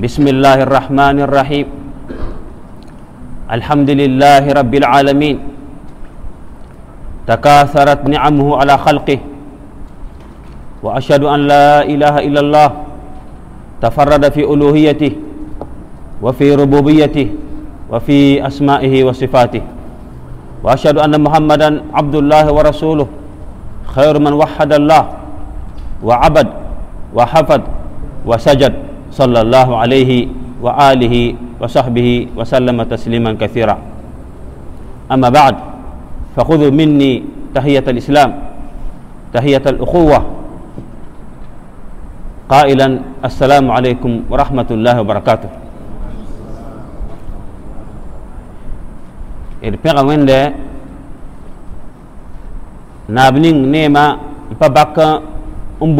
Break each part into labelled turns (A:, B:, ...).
A: بسم الله الرحمن الرحيم الحمد لله رب العالمين تكاثرت نعمه على خلقه وأشهد أن لا إله إلا الله تفرد في ألوهيته وفي ربوبيته وفي أسمائه وصفاته وأشهد أن محمدا عبد الله ورسوله خير من وحد الله وعبد وحفظ وسجد صلى الله عليه وآله وصحبه وسلم تسليما كثيرا أما بعد فخذوا مني تحية الإسلام تحية الأخوة قائلا السلام عليكم ورحمة الله وبركاته irpẽga wẽnde naab ning neema pa bak n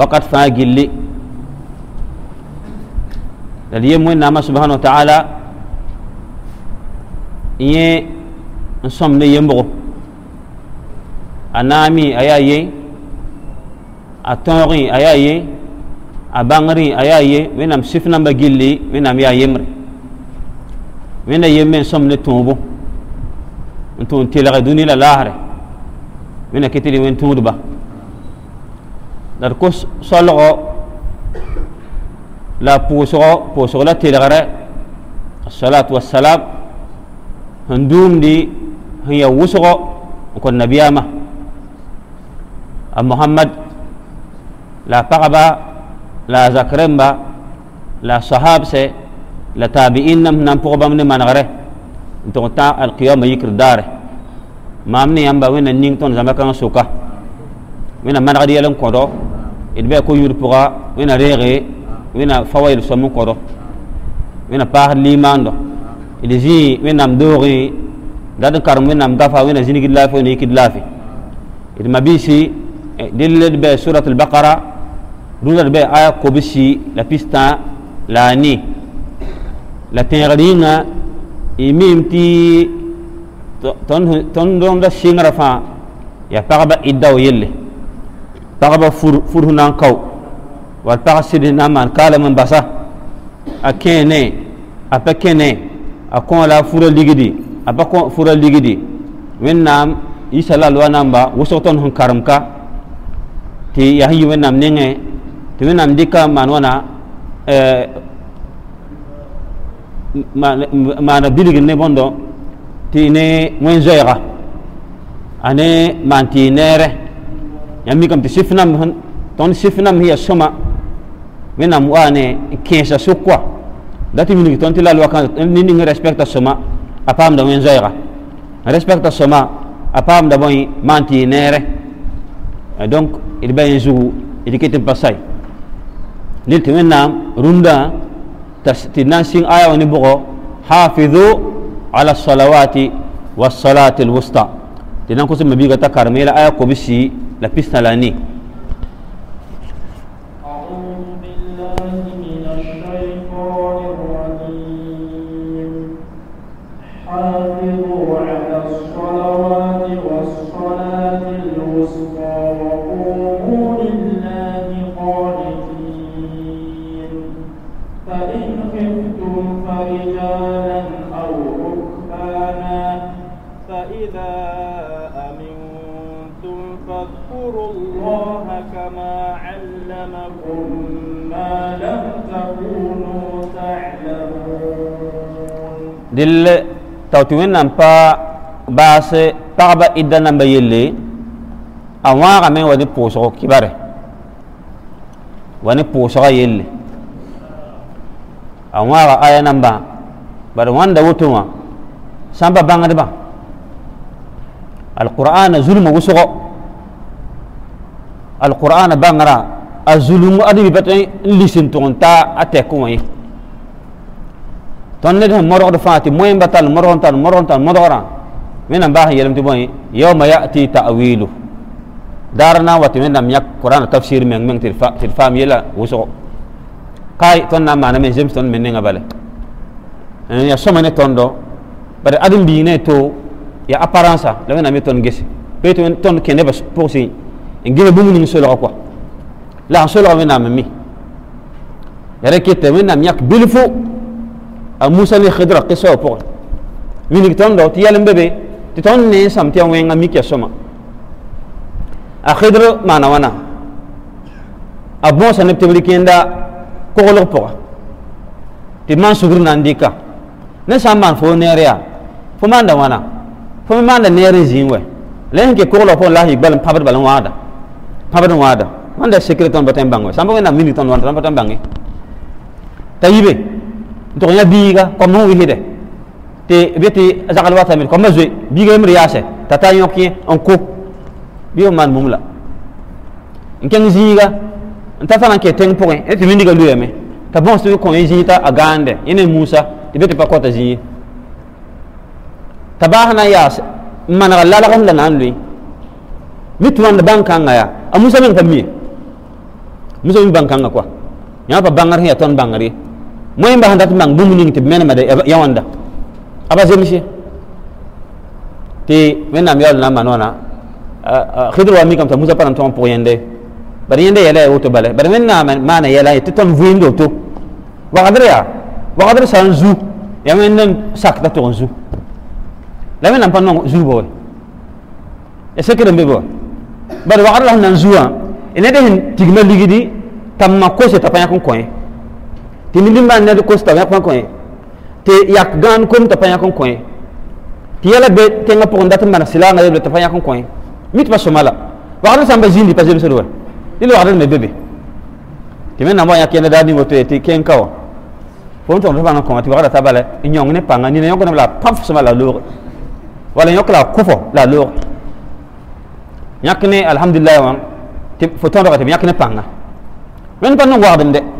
A: وقد فاجل لي لدي من نما سبحانه وتعالى يه نصم لي يمبغو أنامي أياي أتوري يي أبانري أياي يي وينام نعم سفنا نعم بجلي لي وينام نعم يا يمري من يمين سوم لتوبو أنتم تلغدوني للاهري من كتلي وين توبه nar ko solgo la pʋʋsgo pʋʋsg la telgrɛ asalatu wasalam sẽn duumdi sẽn ya wʋsgo n kõn nabiyaamã a mohamad la a pagba la a zak rẽmba la a sahabsɛ la taabiin nam sẽn na n pʋg bãmb ne manegrɛ n tʋg n tã alkiyama yikr daare maam ne yãmba wẽnna ning tõnd zãma kãng soka wẽnna manegd yɛl n kõdg be ko yur puga wena rege wena fawayl somu kodo wena par limando ili ji wena mdori dad karum wena mgafa wena jini gilafi ni kidlafi il mabisi dilil be surat al baqara dulal be aya kobisi la pista la ni la tenringa imimti ton ton don da singra fa ya paraba idaw yelle pagba fursu na n kao wall pag sɩd na n maan kaalame n basa a kẽene a pa kẽne a kõ la a fura ligdi a pa kõ fura ligdi wẽnnaam isa la alwa namba wʋsg tõnd sẽn karem ka tɩ yaa sẽn yɩ wẽnnaam nengẽ tɩ wẽnnaam dɩka n maan wãna e, maana bilgd ne bõndo tɩ ne wẽn-zoɛɛga a ne maan tɩ y neere yami kam ti sifnam han ton sifnam hiya soma wenam wane kensa sukwa dati minigi ton ti lalwa kan nini ngi respecta soma apam da wen zoyra respecta soma apam da boy manti nere donc il bayen jour il kete passai nil ti wenam runda ti nan sing aya woni bugo hafizu ala salawati was salati al wusta tinan kusum mabiga takarmela aya ko bisi la piste à l'année دل توتوين نمبا باس تغبا إدا نمبا يلي أواغا غمين ودي بوسغو كباري واني بوسغا يلي غا آيا نمبا بار وان دوتوا سامبا بانغ دبا القرآن ظلم وسغو القرآن بانغرا الظلم أدبي بطني لسنتون سنتون تا أتاكوين تنده مرغ فاتي مهم بتال مرغ تال مرغ تال مدورا من باه يلم تبوي يوم ياتي تاويله دارنا وتمنى ميك قران تفسير من من تلفا تلفام يلا وسو كاي تنا معنا من جيمس تن من نغبل ان يا سمنه توندو بر ادم بينه تو يا ابارانسا لو انا ميتون جيس بيتون تون كنه بس بوسي ان جيبه بمن نسولو كو لا سولو من امي يا ركيت من ميك بلفو A ah, Musa ne Khidra qissa pour wini ton do ti yalem bebe ti ton ne sam ti ngami mikya soma a ah, Khidra mana wana a ah, bon sa ne tebli kenda ko holo pour ti man sugur nandika ne sam man fo ne fo man da wana fo man da ne re zinwe len ke ko holo pour lahi bal pabar bal wada pabar wada man da secret ton batem bangwe sam bo na mini ton wan ton batem bangwe tayibe ntogna biiga kom hu wihide te beti zagal wata mil kom mazwe biiga yim riyase tata yokye on ko biyo man mumla nkeng ziiga ntata nan ke teng poin eti mindiga luyame ta bon su ko yita agande ene musa te beti pa kota zi tabahna yas man galala gam lanan lui mitwan bankanga ya amusa men kamie musa mi bankanga kwa nyapa bangar hiya ton bangari moy mba handat mang bum ning tib mena made yawanda aba zemshi ti mena mi yalla manona khidru wa mi kam ta musa param ton pour yende bari yende yala woto bale bari mena mana yala ti ton vuindo to wa qadra ya wa qadra san zu ya mena sak ta ton zu la mena pan non zu bo e sekere mbebo bari wa qadra nan zuwa ene de tigma ligidi tamma ko se tapanya kon koyen ti milimba ned kosta yãk wã kõ ti yak gan kom t'a pa kon n kõ tɩ yɛla be tẽngã pʋgẽ dat n manes laanga yebre t'a pa yãk n kõ mi tɩ pa sõma la wagd sãn pa zĩndi pa zemsd wa dɩl me bebe tɩ me nambã yãk yẽnda daa ning woto ye tɩ kẽng ka wã fo n tõgd fãng n kõma tɩ wagda ta bala n yõng ne pãnga nina la paf pãf sõma wala yõk la a la a looge ne alhamdulilahi wã tɩ fo tõdga tɩ b yãk ne pãnga wẽnd pa nin wagdem de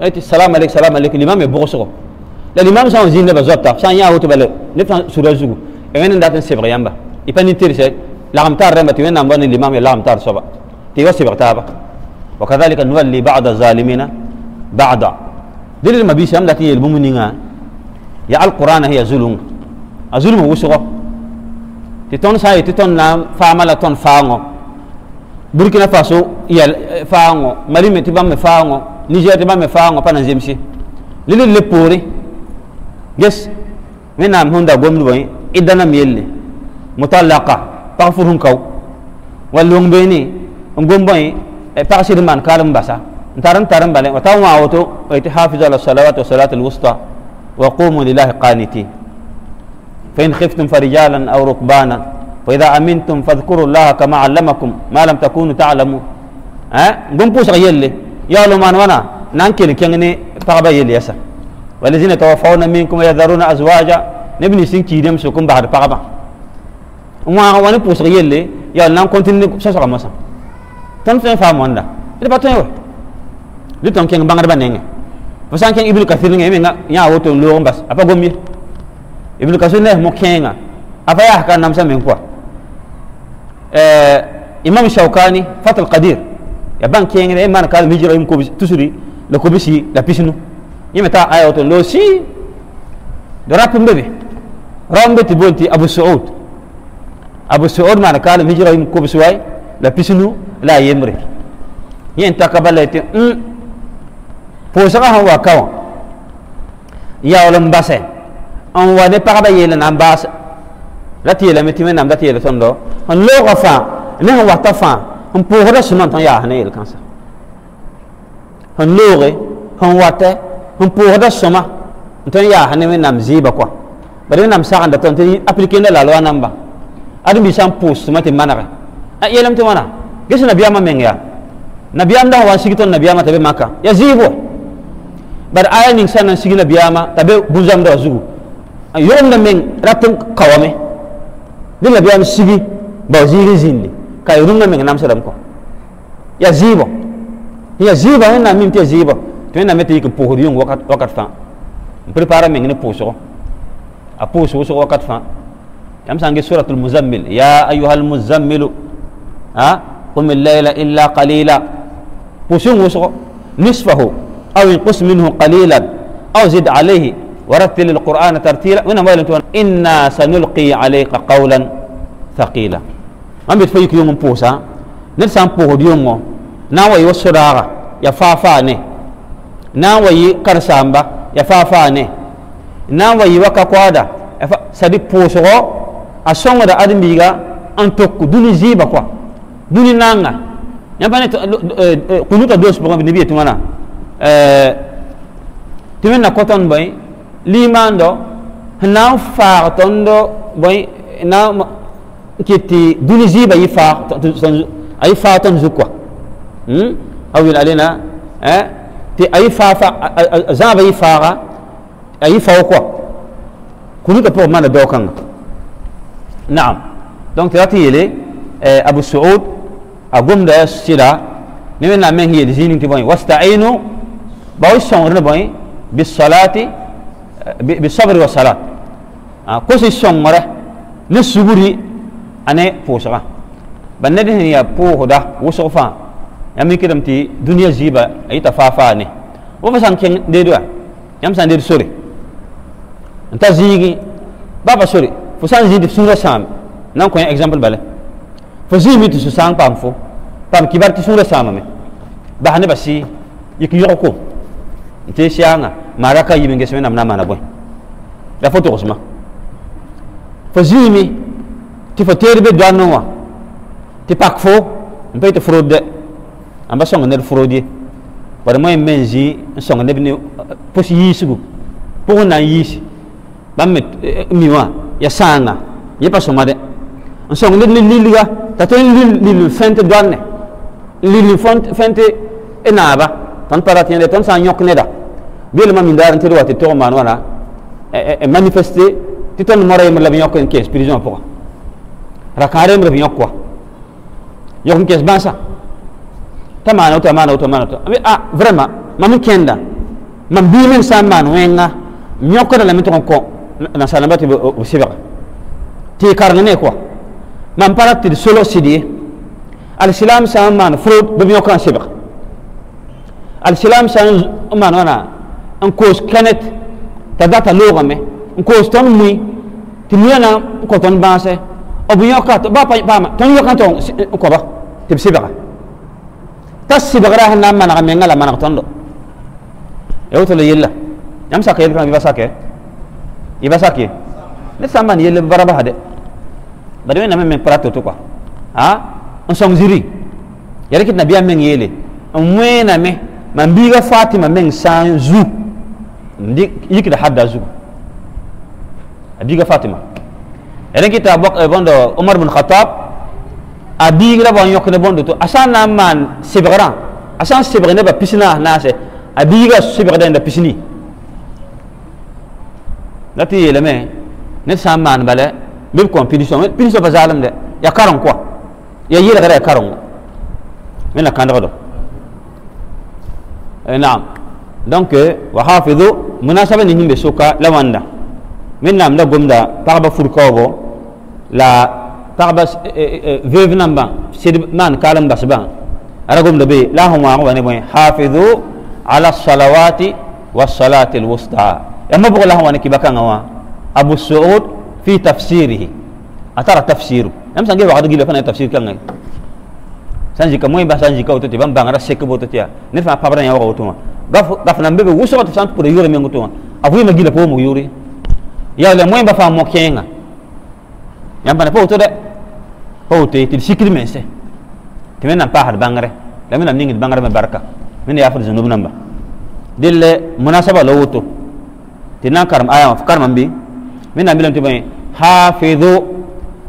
A: ati salam alek salam alek limam e bogosogo la limam san zin leba zopta san ya hoto bale ne san sura zugu e ngene ndaten sebre yamba e pani terse la amtar remba ti wenna mbani limam e la amtar soba ti wasi bertaba wa kadhalika nuwalli ba'da zalimina ba'da dilil mabisi am lati yel mumuninga ya alqur'ana hiya zulum azulum wusugo ti ton sai ti ton na fama la ton faango burkina faso ya faango mali me ti bamme faango niger tɩ bãmb me faango pa na zemse lili le poore ges wẽnnaam sẽn da gomdbã y dãnam yelle mutallaka pag fur sẽn kao wa lʋng beene n gombã ye pag sɩd maan kaalem basa n taran n tar n bale wa tar n wã woto tɩ hafizu salawat wa salat alwusta wa qumu lillahi qanitin فإن خفتم فرجالا أو ركبانا فإذا أمنتم فاذكروا الله كما علمكم ما لم تكونوا تعلمون ها أه؟ قم بوسغ يلي يالو يعلمان وانا نانكن كيني طغبا يليسا والذين توفون منكم يذرون ازواجا نبني سين كيدم سكون بحر طغبا وما وانا بوسر يلي يا نان كونتيني سسرا مسا تن فين فام وندا دي باتن يو دي تون كين بانغ بانين فسان كين ابن كثير نغي مين يا وتو لورم بس ابا غومي ابن كثير نه مكينا ابا يا كان نمسا من كوا امام شوكاني فتل قدير ya ban kengene man kal mijiro im ko tusuri la ko bisi la pisnu yimeta ayoto lo si do rap mbebe rombe ti bonti abu saoud abu saoud man kal mijiro im ko bisway la pisnu la yemre yen takabalete un posaka han wa kawa yawlam base on wa ne paraba yele nan base la tiyele mitimena nam da tiyele tondo on lo gafa ne wa tafa n pʋʋsda sẽma tõn yaas kansa hun kãnsa hun wate hun watɛ suma pʋʋsda sõma n tõn yaas ne wẽnnaam zɩɩba nam bad anda sagenda tõn tɩ aplikenda la loa namba adem-bi sã n pʋʋs sõma tɩ manege a yeelame mana gesu na biama meng na biam da wa n na tõnd nabiyaamã maka ya zibo Bar aya ning sã n na n sig buzam da be bũ-zãmda wã zugu n yogemda meng kawame sigi ba wa zindi kayrunga meng nam salam ko ya zibo ya zibo en na mimte zibo to en na mete yik pohori yung wakat wakat fa prepara meng ne poso a poso so wakat fa yam sangi suratul muzammil ya ayyuhal muzammilu ha qum al-layla illa qalila poso so nisfahu aw inqus minhu qalilan aw zid alayhi ورتل القرآن ترتيلا وإنما إنا سنلقي عليك قولا ثقيلا an bet fa yik yong posa ne san po di yongo na wa yo sorara ya fa fa ne na wa yi karsamba ya fa fa ne na wa yi waka kwada sadi poso a songo da admiga an tokku duni ziba kwa duni nanga yabane kunuta dos bo ngi biye tumana eh, eh timenna eh, koton boy limando na fa tondo boy na كيتي دونيزي بي فا اي فا تنزكوا او يل علينا اه تي اي فا فا زاب اي اي فا كو كوني كبو ما دوكان نعم دونك تاتي لي آه، ابو سعود اقوم ده سيلا نمنا نعم، من هي زين تبوين واستعينوا باوي سونرنا بوين بالصلاه آه، بالصبر والصلاه كوسي آه، سونره نسبوري ane pʋʋsga ba ned sẽn yaa pʋʋsda wʋsg fãa yãmb mikdame tɩ dũniyã zɩɩba a yɩta faa faa ne bõ fa sãn kẽng deed wa yãmb sãn deed sore n ta zĩigi ba pa sore fo sãn zĩig tɩ f sũurã sãame nan kõ yã exemple bale fo zĩigmi tɩ sũ-sãang paam fo paam kibar tɩ sũurã sãamame bas nebã sɩ yik yõg kom n tees yaanga maa raka yibe ngesme nam na n maana bõe la fo togsma fo zĩigmi ti fo teeri be dwannu wa ti pak fo n pe ti furud de an ba sõng ned furud ye bara moy n me n zĩ n sõng neb ne pʋs yiisgu pʋgẽ na n yiisi bãmb me mi wã ya sãanga yẽ pa sõma de n sõng ned ne lilga t'a tõe n lil lil n fẽn tɩ doanne n lil n fẽn tɩ y naaba tõnd pa rat yẽde tõnd sã n yõk neda beelmã mindaar n tɩd wa tɩ tog n maan wãna manifeste tɩ tõnd mora yembr la b yõk n prison pʋga rakarem ref yõk yokum kes basa t'a maana wota maana wota maana wota a ah, vraiment mam kenda mam biim n sã n maan wẽnga yõkda lame tɩg n kõ nansaalamba tɩ b sɩbga tɩ y ne kɔa mam parati de solo sidi al alsilaam sa man maan frod bɩ b yõkã n sɩbga alsilaam sã n maan wãna n t'a data logame n koos tõnd mui tɩ muyã na n kõ b yõka ba pa paama tõnd yõkã tɩ n kõba tɩ b sɩbga t'a sɩbgra sẽn na n maneg menga la maneg tõndo ya woto la yella yãmb sak yel kãm yɩba sak yɩba sak ye ned sã n maan yell b bara basa de bad wẽnnaame meng pra to-to kɔa a n sõng ziri ya rɩk tɩ nabiyaam meng yeele n wẽename mam biiga fatima meng sã n zu n yikda hadda zugu a biiga fatima ere kita bok e eh, bondo Umar bin Khattab adi gira bon yok ne bondo to asana man sibgra asan sibgra ne ba pisna na se eh. adi gira sibgra da pisni lati yeleme ne samman bale bil competition competition ba zalim de ya karon ko ya yira gara ya karon men la kanda Enam, eh, e naam donc wa hafizu munasaba ni himbe suka lawanda من نام لا بومدا طرب فركوغو لا طرب إيه، إيه، إيه، فيف نامبا سيد مان كالم داسبا رغم لبي لا هما وني يعني وين حافظوا على الصلوات والصلاه الوسطى اما بقول لهم انا كيبا كانوا ابو سعود في تفسيره اترى تفسير ام سانجي واحد غيلو فانا تفسير كان سانجي كموي با سانجي كوتو تي بام بانرا سيك بوتو تي نفا بابرا يا وغوتو غف غف نامبي وسوت سانت بو يوري مي غوتو ابوي ما غيلو فومو يوري ya le moy ba fa mo kenga yam bana po to de po te ti sikri men se ti men nan pa har bangare la men nan ningi bangare ma barka men ya fur zunub namba dille munasaba lo woto ti nan karam aya ma karam bi men nan bilam ti bay hafizu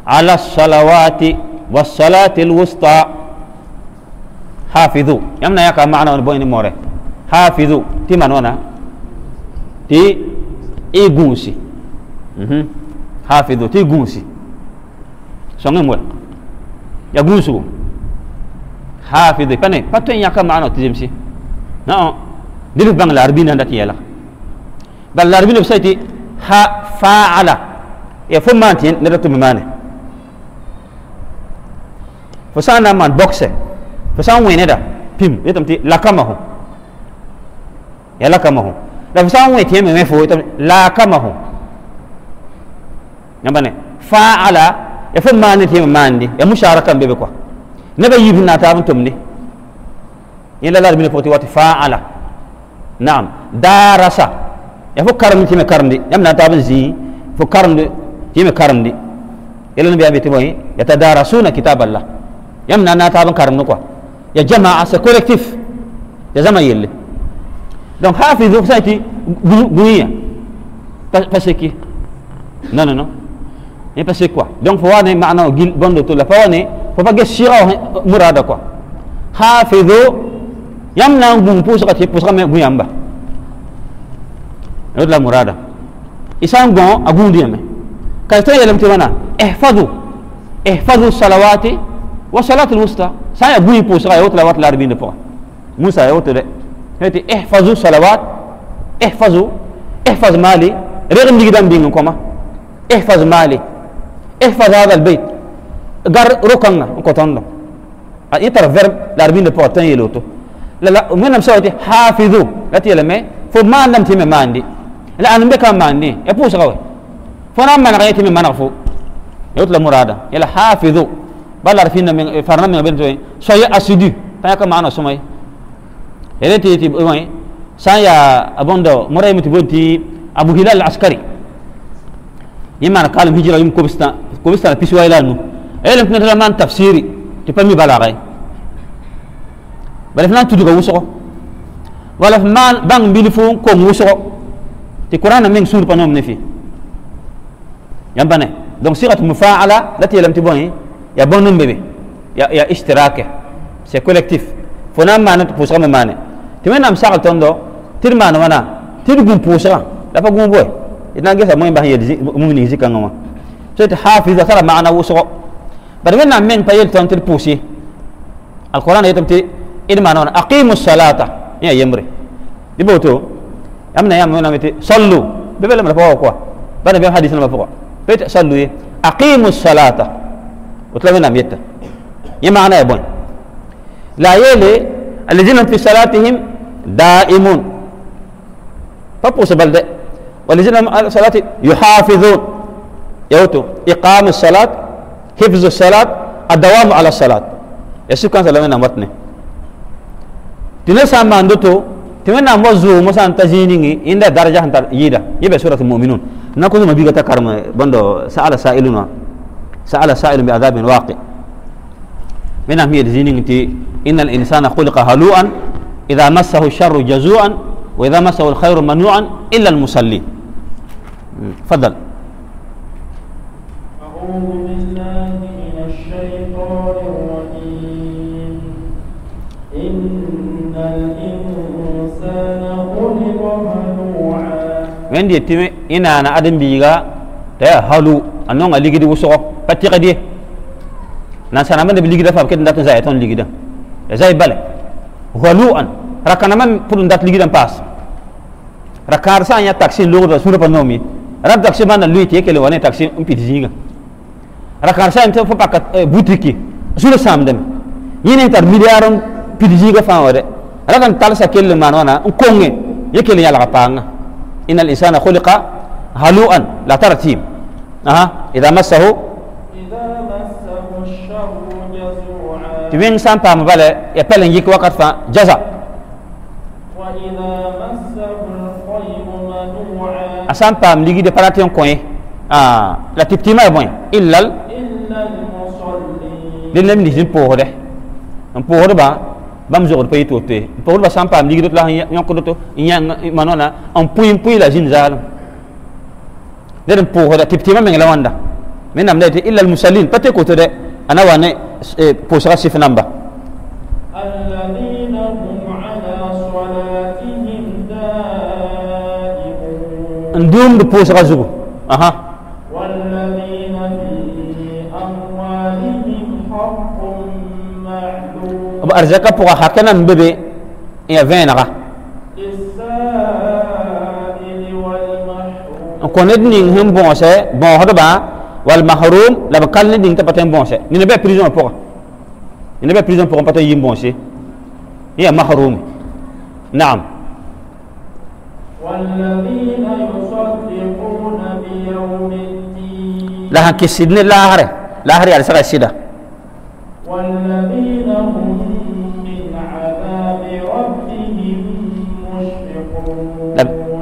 A: ala salawati was salati al wusta hafizu yamna yaka maana on boyni more hafizu ti manona ti e gunsi حافظه تي غونسي سونغي مول يا غونسو حافظه فني باتو ياكا معنا تيمسي نو دير بان العربي نانت يالا بل العربي نفسيتي ها فاعل يا فمانتين نرتو ممانه فسانا مان بوكسه فسان وين هذا بيم يتم تي لاكامه يا لاكامه لا فسان وين تيم مفو يتم لاكامه نبني فعلى يفهم ما نتي ما عندي يا مشاركة بيبكوا نبى يبين ناتابن تمني يلا لازم نفوت وقت فعلى نعم دارسا يفهم كرم تي ما كرم دي يم ناتابن زي فو كرم دي تي ما كرم يلا نبى أبي تبوي يتدارسون كتاب الله يم ناتابن كرم نقوا يا جماعة سكولكتيف يا زمان يلي دونك حافظوا سايتي بنية فسكي نو نو نو et parce quoi donc fo wane maana gil bondo to la fo wane fo fa geshira murada quoi hafizu yamna ngum pousa ka pousa ka me guyamba et la murada isangon agundi yame kayto yelam te wana ihfazu ihfazu salawati wa salatul wusta sa ya guyi pousa ka yotla wat la arbin po musa yotle heti ihfazu salawat ihfazu ihfaz mali reg ndigi dam bingu koma ihfaz mali احفظ هذا البيت قر ركنا كوتنا ترى فيرب لاربين بورتين يلوتو لا لا من مسوتي حافظو لا تيلمي فما عندهم تيم ما عندي لا انا بك ما عندي يا بوش قوي فانا ما نغيت من ما نغفو يوت مرادا يلا حافظو بل عارفين من فرنا من بين توي أسيدو اسيدي تاك معنا سمي يلا تي تي وين سايا ابوندو مريم تبوتي ابو هلال العسكري يمان قال هجره يمكم كم سنة بيسوى إلى نو إلهم إيه، كنا ترى ما أن تفسيري تفهم يبالغين بل فلان تدعو وسوا ولا فما بان بيلفون كم وسوا تقرأنا من سورة نوم نفي يبانه دون سيرة مفاعلة التي لم تبوني يا بون نوم بيبي يا يا اشتراك سي كولكتيف فنا ما نت بوسرا ما نه تمين أم سال تندو تير ما نه ما نه تير بوم بوسرا لا فعوم بوي إذا جلس ما يبغى يدزي مو من يزكى نوما سيد حافظ ترى معنا وسق برمنا من بيل تنتر بوسي القرآن إدم أنا أقيم الصلاة يا يمري دبوتو أمنا يا منا متي صلوا ببلا من فوق قوة بنا بيم حديث ما فوق بيت صلوا أقيم الصلاة وتلمنا ميتا يا معنا يا بون لا يلي الذين في صلاتهم دائمون فبوس بلد والذين على صلاتهم يحافظون يوتو إقام الصلاة حفظ الصلاة الدوام على الصلاة يسوع كان سلامة نمتني تنسى ما عندتو تمنى موزو موسى أنت جيني إن درجة أنت يدا يبقى سورة المؤمنون نكون ما بيجا تكرم بندو سأل سائلنا سأل سائل بعذاب واقع من أهم يرزيني إن الإنسان خلق هلوءا إذا مسه الشر جزوعا وإذا مسه الخير منوعا إلا المصلين فضل من الشيطان الرجيم إن الإنسان خلق هلوعا وين دي من إن أنا أدم بيغا تا من أنو غا ليغي دي وسو من غدي نان سانا من بيغي دافا من ناتو زاي تون ليغي دا من بالي هلوعا ركنا من فلو ندات ليغي دام باس ركار سانيا تاكسي لوغ دا سورو بانومي رب تاكسي مان لويتي كيلو واني تاكسي امبيتي زيغا rakar sa ta fa pakat butiki sura samdam yene tar miliaron pidji ga fa wore rakan tal sa kelle man wana konge yekel yala panga inal insana khuliqa haluan la tartib aha idha massahu idha massahu ash-sharru tiwen sam pam bale ya pelen yik wakat fa jaza asampa mligi massahu al-khayru manua de paratin koye ah la ti ti mai bon illal illal musallin den nem ni jin po hore en po hore ba bam zo pe to te po hore ba sam pam ligi dot la nyon ko dot nyang manona en puin puin la jin zalam den po hore ti ti mai la wanda men nam ne illal musallin pate ko to de ana wane po sara sif namba alladhina hum ala salatihim da'imun ndum po sara zugo aha أرزقك بقى حكنا من ببي يا إيه، فين غا كوندني هم بونسة بون هذا با والمحروم لبكال ندين تبتين بونسة ينبي بريزون بقى ينبي بريزون بقى تبتين يم بونسة يا إيه، محروم نعم والذين يصدقون بيوم الدين لا كسيدني لا هري لا هري على سر السيدة والذين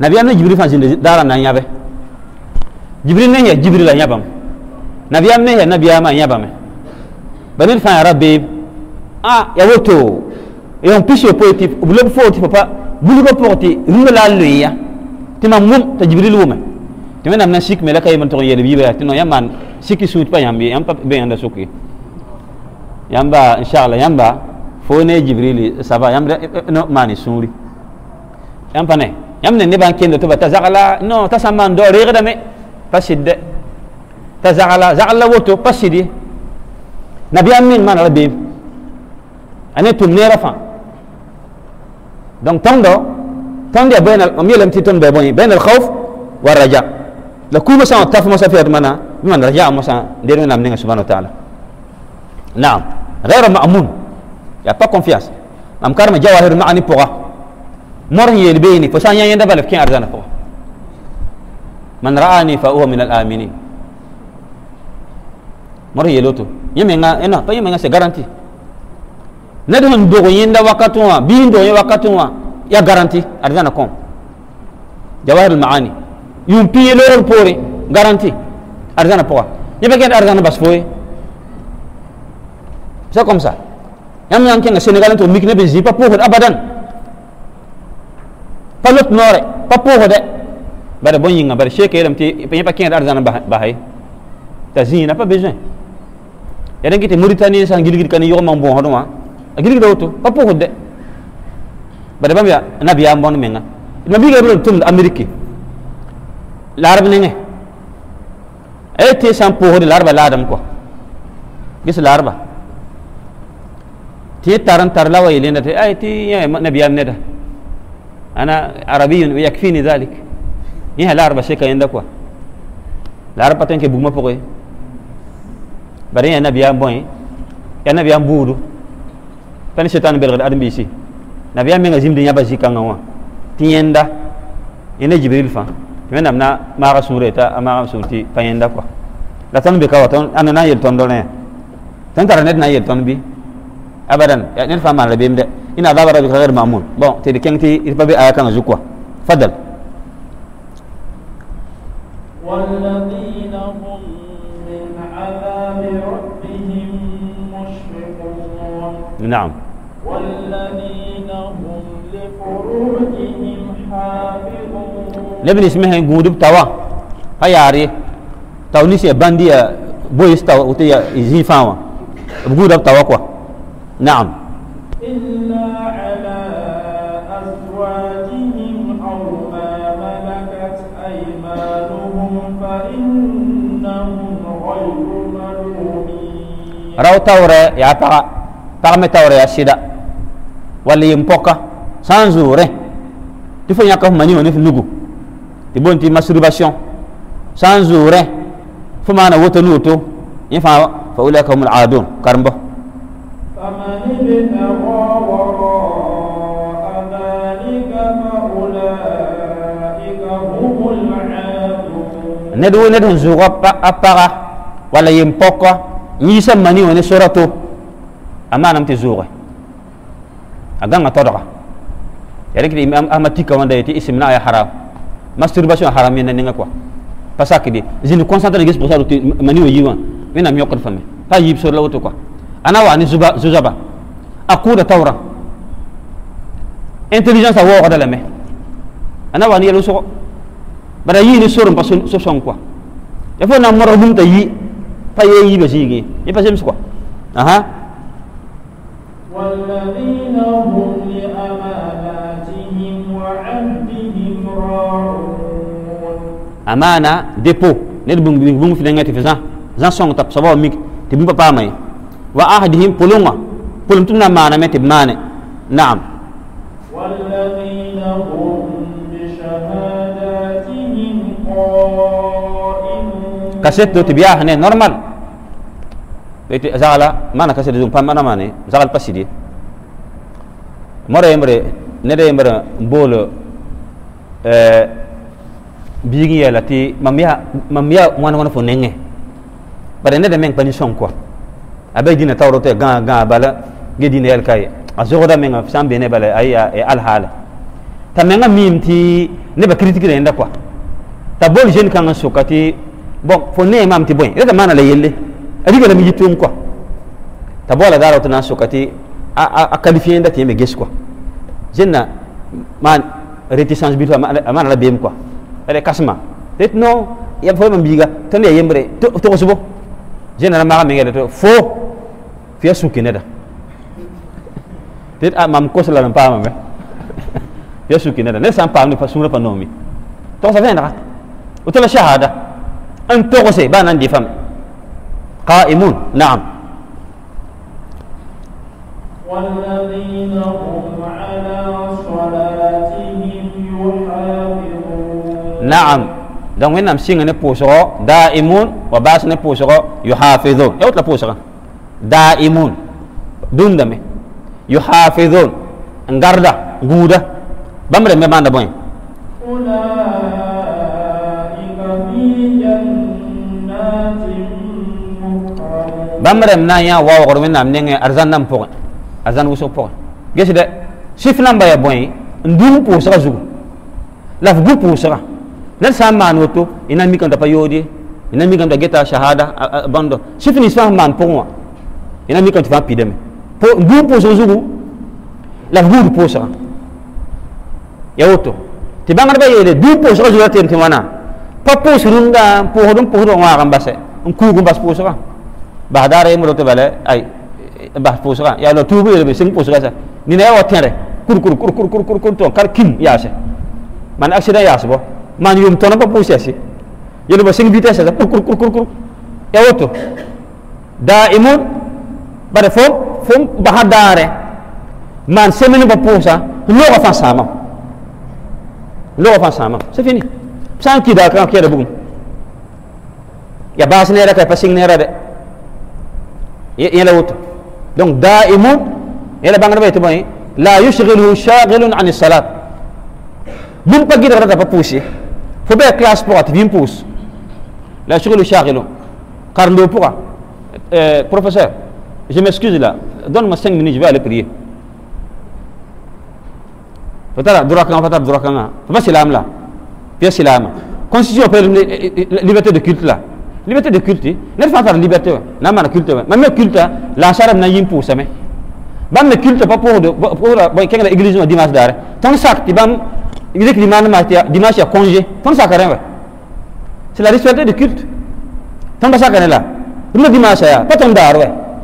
A: nabi amna jibril fan jinde dara na nyabe jibril ne jibril la nyabam nabi amne he nabi ama nyabam banil fan ya rabbi a ya woto e ya on pisho poti bulo foti papa bulo ko poti rumba la luya tima mum ta jibril wuma tima namna sik me la kay man to yele bi ba tino yaman siki suut pa yambi yam pa be anda suki yamba inshallah yamba fo ne jibril saba yamba no mani suri yamba ne yãmb ne nebã n kende tɩ ba t'a zag la non t'a sã n maan dao reegdame pa sɩd dɛ t'a zag la zag la woto pa sɩd ye nabiyaam min maana la beem a ne tʋm neerã fãa donc tõndo tõnd ya bẽn m yeelame tɩ tõnd bɛ bõe bẽn alxauf wa raja la kuuma sã n taf mosã fɩad mana bɩ man raja mosã n deed wẽnnaam nengã subhana wa taala naam rɛɛra ma'mun yaa pa confiance mam karema jawahir maani pʋga مر بيني فسان يان دبل في ارزانا فو من رآني فهو من الآمنين مر يلوتو يمينا انا با طيب يمنا سي غارانتي ندون دوغ دا وقتوا بين دو وقتوا يا غارانتي ارزانا كون جواهر المعاني بيه لور بوري غارانتي ارزانا بوا يبقى ارزانا بس فوي سا كوم سا يام يام السنغال تو ميكنا بزيبا زي ابدا palup nore pa hode bare bon yinga bare sheke ram ti pe pa kin darzan bahay ta zina pa besoin yaren kiti mauritanie san gilgil kan yo mam bon hodo ma gilgil do pa hode bare bam ya nabi ya bon menga nabi ga ron tum amerike larab nenge ay te san hode larba ladam ko gis larba ti taran tarlawa yelena te ay ti ya nabi ya ne da أنا عربي ويكفيني ذلك إيه العربة شيء كاين دكوا العربة تنك بوما بوي بعدين أنا بيان بوي أنا بيان بودو تاني شيطان بلغد أدم بيسي نبيان من غزيم دنيا بزي كانوا تيندا إن جبريل فان من أمنا نعم. ما رسولة تا أما رسولتي فيندا كوا لا تنبي تون أنا نايل تون دولنا تنتظر نت نايل تون بي ابدا يعني نرفع مع ربيم ده ان عذاب ربك غير مامون بون تي كنتي يبقى ايا كان زكوا تفضل والذين هم من عذاب ربهم مشفقون نعم والذين هم لفروجهم حافظون لبن اسمها توا هيا هياري تونسي بانديا بويستا وتيا زيفاوا بجود بتوا كوا نعم إلا على أزواجهم أو ما ملكت أيمانهم فإنهم غير ملومين رو توري يا ترى ترى توري يا شيدا واللي يمبوكا سانزوري تفن يكف مني ونف نجو تبون تي ماسروباسيون سانزوري فما أنا وتنوتو ينفع فأولئك هم العادون كرمبو فمن ابتغى وراء ذلك فأولئك هم العادون ندو ندو زوغا ابارا ولا يمبوكا نيسا ماني وني سوراتو أما نمت زوغا أغانا ترغى يعني كده إمام أحمد تيكا واندا يتي اسمنا يا حرام masturbation haram yana ninga kwa pasakidi zini concentrate gis pour ça mani o yiwa mena mi okon fami pa yib sur la woto quoi انا واني زوزابا اكو تورا انتليجنس هو غدا لمه انا واني لو سو بدا يي ني سورم بس سو سون كو يفو نا مرو بوم تي باي يي بسيغي يفاسم سكو اها والذين هم لأماناتهم وعهدهم راعون أمانة ديبو نيت بوم بوم في لنغاتي في زان زان سون تاب سبا ميك تي بوم با ماي وعهدهم بلونا بلومتنا ما نمت بمانة نعم والذين هم بشهاداتهم قائمون كاسيت دو تبياه نه نورمال بيت زغلا ما انا كاسيت دو بام انا ماني زغل باسيدي مرة يمرة نرى يمرة بول اه بيجي يلاتي ماميا ماميا وانا وانا فو نenge bare ne de meng pani son quoi abay dina tawrote ga ga bala ge dina el kay azogoda menga sambe ne bala aya e al hal ta menga mimti ne ba critique ne ndakwa ta bol jeune kan sokati bon fo ne mam ti bon reta mana la yelle adi ga mi yitum ko ta bola daro tan sokati a a, a qualifier ndati me ges ko jenna man réticence bitu amana la bem ko ale kasma ret no ya fo mam biga tan ya yembre to to subo jenna ma ga me to fo fiya sukineda tet a mam kosla n paama me fiya sukineda ned sãn paam ne pa sũurã pa noomi togsa vẽenega woto la shahada n togse baa na n dɩfame qaimun naam والذين هم على صلاتهم يحافظون نعم دونك وين نمشي نبوسو دائمون وباس نبوسو يحافظون يوت لا بوسو daimun dundame yuhafizun ngarda guda bamre me banda boy bamre na ya wa wa men nam ne arzan nam pokon arzan wuso pokon gesi de sif nam baya boy ndum po sa zugo laf bu po sa nan sa man woto ina mi kan da payodi ina mi kan da geta shahada bando sif ni sa man pokon Il y en a mis quand tu vas pidem. Pour goût la goût pour ça. Ya auto. Ti bangar ba yele du pour ça jura tem timana. Pa pour surunga pour dum pour dum wa gambase. Un coup gambas pour ça. Bahdare mo to bale ay bah pour ça. Ya lo tubu yele sing pour ça. Ni na wa kur Kur kur kur kur kur kur kur to kar kim ya se. Man aksida ya se bo. Man yum to na pa pour ça si. Yele ba sing vitesse da kur kur kur kur kur. Ya auto. Daimun bare fom fom bahadare man semene ba posa loga fa sama loga fa sama c'est fini san ki da kan ke da bugun ya bas ne raka passing ne rade ya la wut donc daimun ila bangar baytu boy la yushghiluhu shaghilun an as-salat mun pagi da raka pusi fo be class sport vim pousse la yushghilu shaghilun karndo pourra euh professeur je m'excuse là, donne-moi 5 minutes, je vais aller prier. Fatara, Durakanga, Fatara, Durakanga. Papa, c'est l'âme là. Pierre, c'est l'âme. la euh, euh, euh, liberté de culte là. Liberté de culte, hein. n'est pas faire liberté, n'a pas de culte. Mais le culte, hein, la charade n'a pas pour ça, mais. Bam le culte, pas pour de, pour la, bon, l'église, le dimanche d'arrêt. Ton sac, tu vas, il dit que dimanche, dimanche, il y a congé. Ton sac, rien, C'est la liberté de culte. Ton sac, là. Le dimanche, hein, pas ton ouais.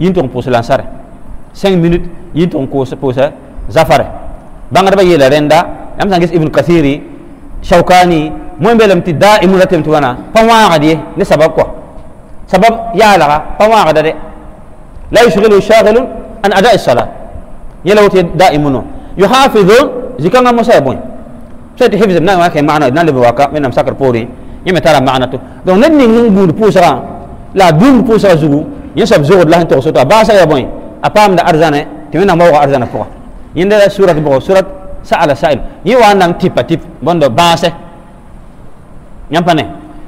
A: yintong pose lansare 5 minutes ko se pose zafare bangar ba yela renda am sangis ibn kathiri shawkani mo mbelam ti daimu latem ti wana pa wa gadi ne sabab ko sabab ya la wa gada de la yushghilu shaghilun an ada as-salat yela wote daimuno yuhafizu zikanga mo sabon sai ti hifz na wa kai ma'ana na libi waka menam sakar pori yema tara ma'ana to don nan ne ngun pusa la dum pusa zugu يسب زود لهن تغسوتا باسا يا بوين أبام دا أرزانة تمينا موقع أرزانة فوق يندى سورة بقى سورة سأل سائل يوانا تيبا تيب تيب بندو باسا يمحنه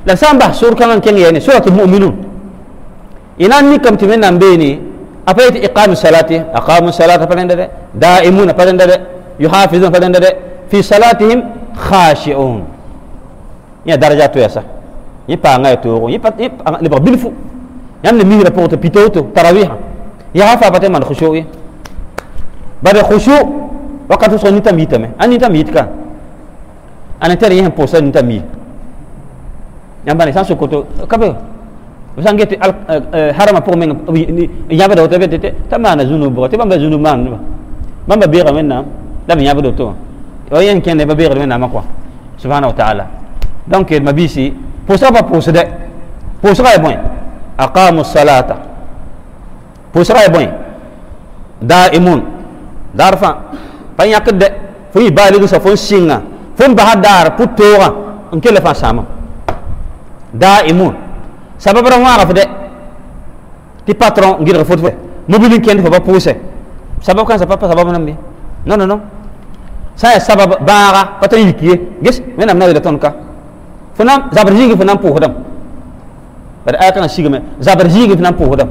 A: لا سامبا سورة كان كان يعني سورة المؤمنون إن أني كم تمينا بيني أبيت إقام الصلاة أقام الصلاة فلندد دائمون فلندد يحافظون فلندد في صلاتهم خاشعون يا درجات يا سا يبقى غير توغو يبقى يبقى بالفو يمن مين رفوت بيتوتو تراويها يا هفا بتي من خشوعي بعد خشوع وقت صن نتا ميتا مي أنا نتا ميت كا أنا ترى يهم بوسا نتا مي يام بني سان سكوتو كابو وسان جت ال هرم أبو مين يام بدو تبي تبي تما أنا زنو بوا تبى مبا زنو مان مبا مبا بيرة من نام دام يام بدو تو وين كان يبى بيرة من نام أقوى سبحانه وتعالى دونك ما بيسي بوسا با بوسا ده بوسا يبون aqamu salata pusray boy daimun darfa panya kedde fui baligu so fon singa fon bahadar putora nkele fa sama daimun sababu ra wara fde ti patron ngir fot fot mobile ken fa ba pousser sababu kan sabab sababu nambi non non non saya sababu bara patron yikie gis menam na de tonka funam zabrjigi funam pou hodam bad a kana sigme zabr zĩigi tɩ na n pʋʋsdam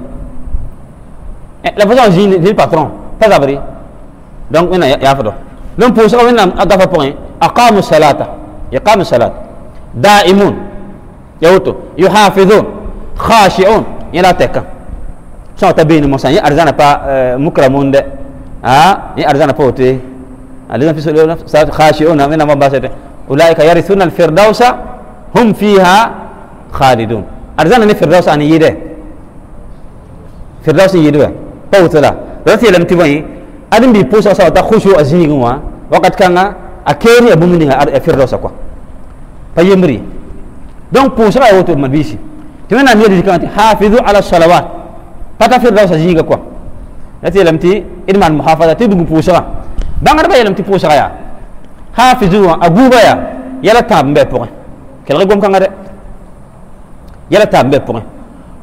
A: la fo zãg zĩig dɩ patron pa zabri donc wẽnnaam yaafdɔ len pʋʋsga wẽnnaam a gafa pʋgẽ aqamu salata iqamu salat daimun ya woto yuhafidun khashi'un yẽ la a tɛka sõg t'a beene mosã yẽ arzãna pa mukramun dɛ a yẽ arzãna pa woto الذين في صلاة خاشعون من أولئك يرثون الفردوس هم فيها خالدون arzana ni firdaus ani yide firdaus ni utala pawtala rati lam tibai adin bi pusa sa ta khushu azini gwa waqat kanga akeri abu muninga ar firdaus kwa payemri donc pusa ay wotu bisi timena mi yidi kanti hafizu ala salawat pata firdaus azini kwa rati lam ti idman muhafaza ti dugu pusa bangar ba yalam ti pusa ya hafizu ba ya yala tambe pour kelga gom kanga de yala t'a mbe pon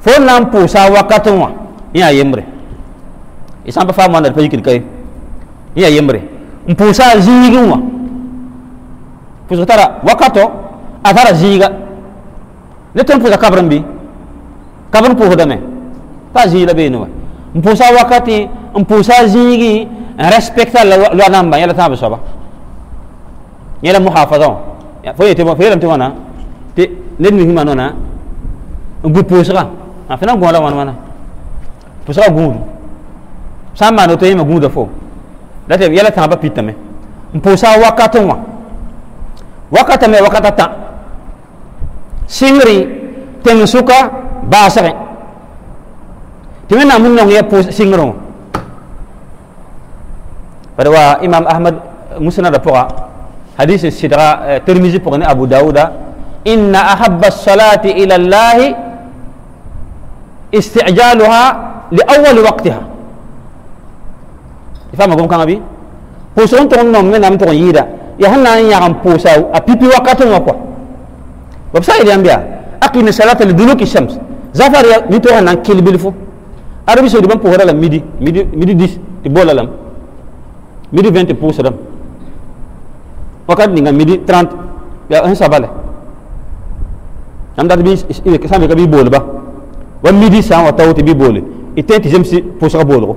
A: fo n pou sa wakato wa ya yemre e yembre pa fa mo na pe ka kay ya yemre yembre sa pʋʋsa wa pou tara wakato a tara zĩiga ne tõe pou pʋʋsa kabr bi bɩ kabr n pʋʋsdame pa a be no sa wakati sa respecta lo ba yala respecta loa namba yala tãab soaba yẽla muhafaza wã ya, fo yeelame tɩ wãna ti ned himanona ngu posra nah, fina ngu ala wana wana posra ngu sama no to yema ngu da fo da te yala ta ba pitame mpusa wakata wa wakata me wakata ta singri tem suka basare e. na mun no ya singro pada wa imam ahmad musnad da poa hadis sidra eh, tirmizi pokone abu dauda inna ahabba salati ila allahi استعجالها لأول وقتها فما قوم كان أبي بوسون تون نوم من نام تون يدا يهنا أن يعم بوسا أبيبي وقت وقت وبسا إلى أنبياء أقيم الصلاة لدلوك الشمس زفر يتوها نان كيل بلفو أربي سوري بام بوهرا لم ميدي ميدي ميدي ديس تبولا لم ميدي فين تبوس لم وقت نيجا ميدي ترانت يا هن سبالة أم بيس إيه كسامي كبي بول بقى wa midi sa wa tawti bi bolé ité ti jëm ci pour sa boolgo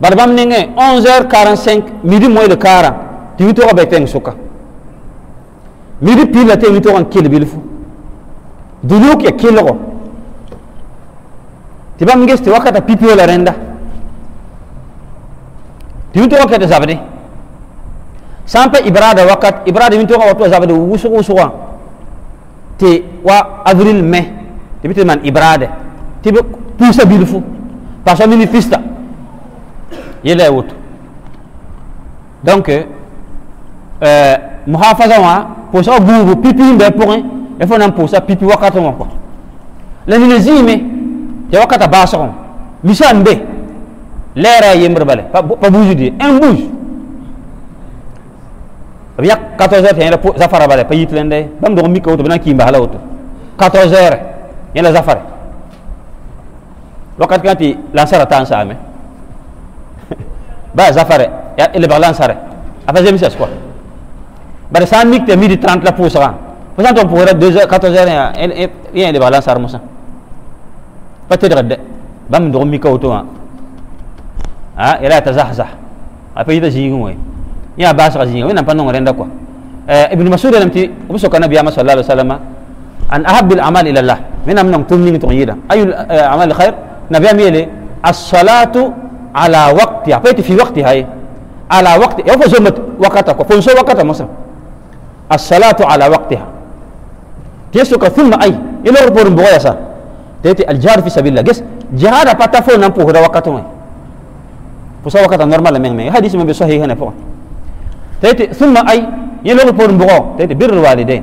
A: bara bãmb nengẽ 11h45 midi moɛɛle kaarã tɩ witog a bɩ tẽng suka midi pil la tɩ witog n du bilfu duluk ya ko ti bam ges sti wakata pipio la renda ti wito ko ket sabé sampe ibrada wakat ibrada wito ko wato sabé wa zabde wʋsg wʋsgã wa avril mai tibiti man ibrade tibi pusa bilfu fu parce mini fista yele wutu donc euh muhafaza wa pusa bubu pipi nda ya point e fo nan pusa pipi wakata mo ko la ni zime te ya wakata baso ko lisan be lera yembre ya bale pa buju di un bouge biya 14 heures te la zafara bale pa yitlende bam do mi ko to bana kimba hala wutu 14 heures yẽla zafare wakat kã tɩ lansara tã n saame baa zafare yaa lebg lansare a pa zemsas kɔa bara sã n mik tɩ midi 30 la pʋʋsgã fo sã n tɩg n pʋʋsda 14 heure yẽ lebg lansar mosã pa tedgdde bãmb n dog n mika woto wã yela yaa ta zahzah a pa yɩta zĩigẽ wẽ yẽ a baasg zĩiga wẽnnaam pa nong rẽnda kɔa ibn masud yelame tɩ b soka nabiyaama sal la alih wa sallama ان أحب الأعمال إلى الله من أمن تمني تغييدا أي الأعمال الخير نبي ميلي الصلاة على وقتها بيت في وقتها هي على وقت يوفو زمت وقتك فنسو وقت مصر الصلاة على وقتها تيسوك ثم أي إلى ربور بغيسا تيتي الجار في سبيل الله جس جهاد باتفو نمبو هذا وقتهم فسا وقت نورمال من من حديث من بصحيح هنا فوق تيتي ثم أي يلو ربور بغو تيتي بر الوالدين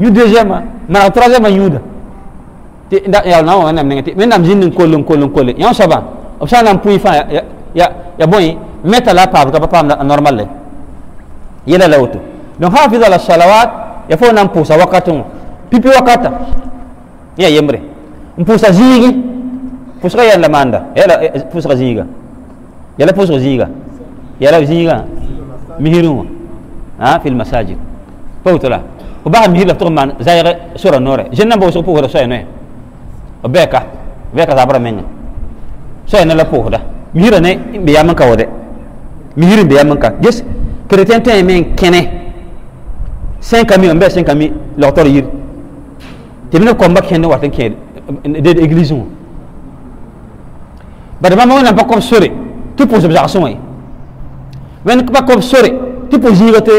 A: yudejema mana trajema yuda ti da ya na wa nam ngati men nam jinin kolon kolon kolon yon saba o sha nam pui fa ya ya ya boy meta la pa ka pa normal le yela la wutu donc hafiz ala salawat ya fo nam pusa wakatun pipi wakata ya yemre mpusa zigi pusra ya lamanda yela pusra ziga yela pusra ziga yela ziga mihiruma ha fil masajid pautula ba mi la man zaire sur nore je n'en bosse pour so ene beka Je ne men pas. Sur la pour da mihira ne be yamman ka wode mihira be yamman ka yes chrétien Je men kene 5 kami on be 5 kami l'auteur yir te min de mbak hen watin pas de église on ba dama wona pas pas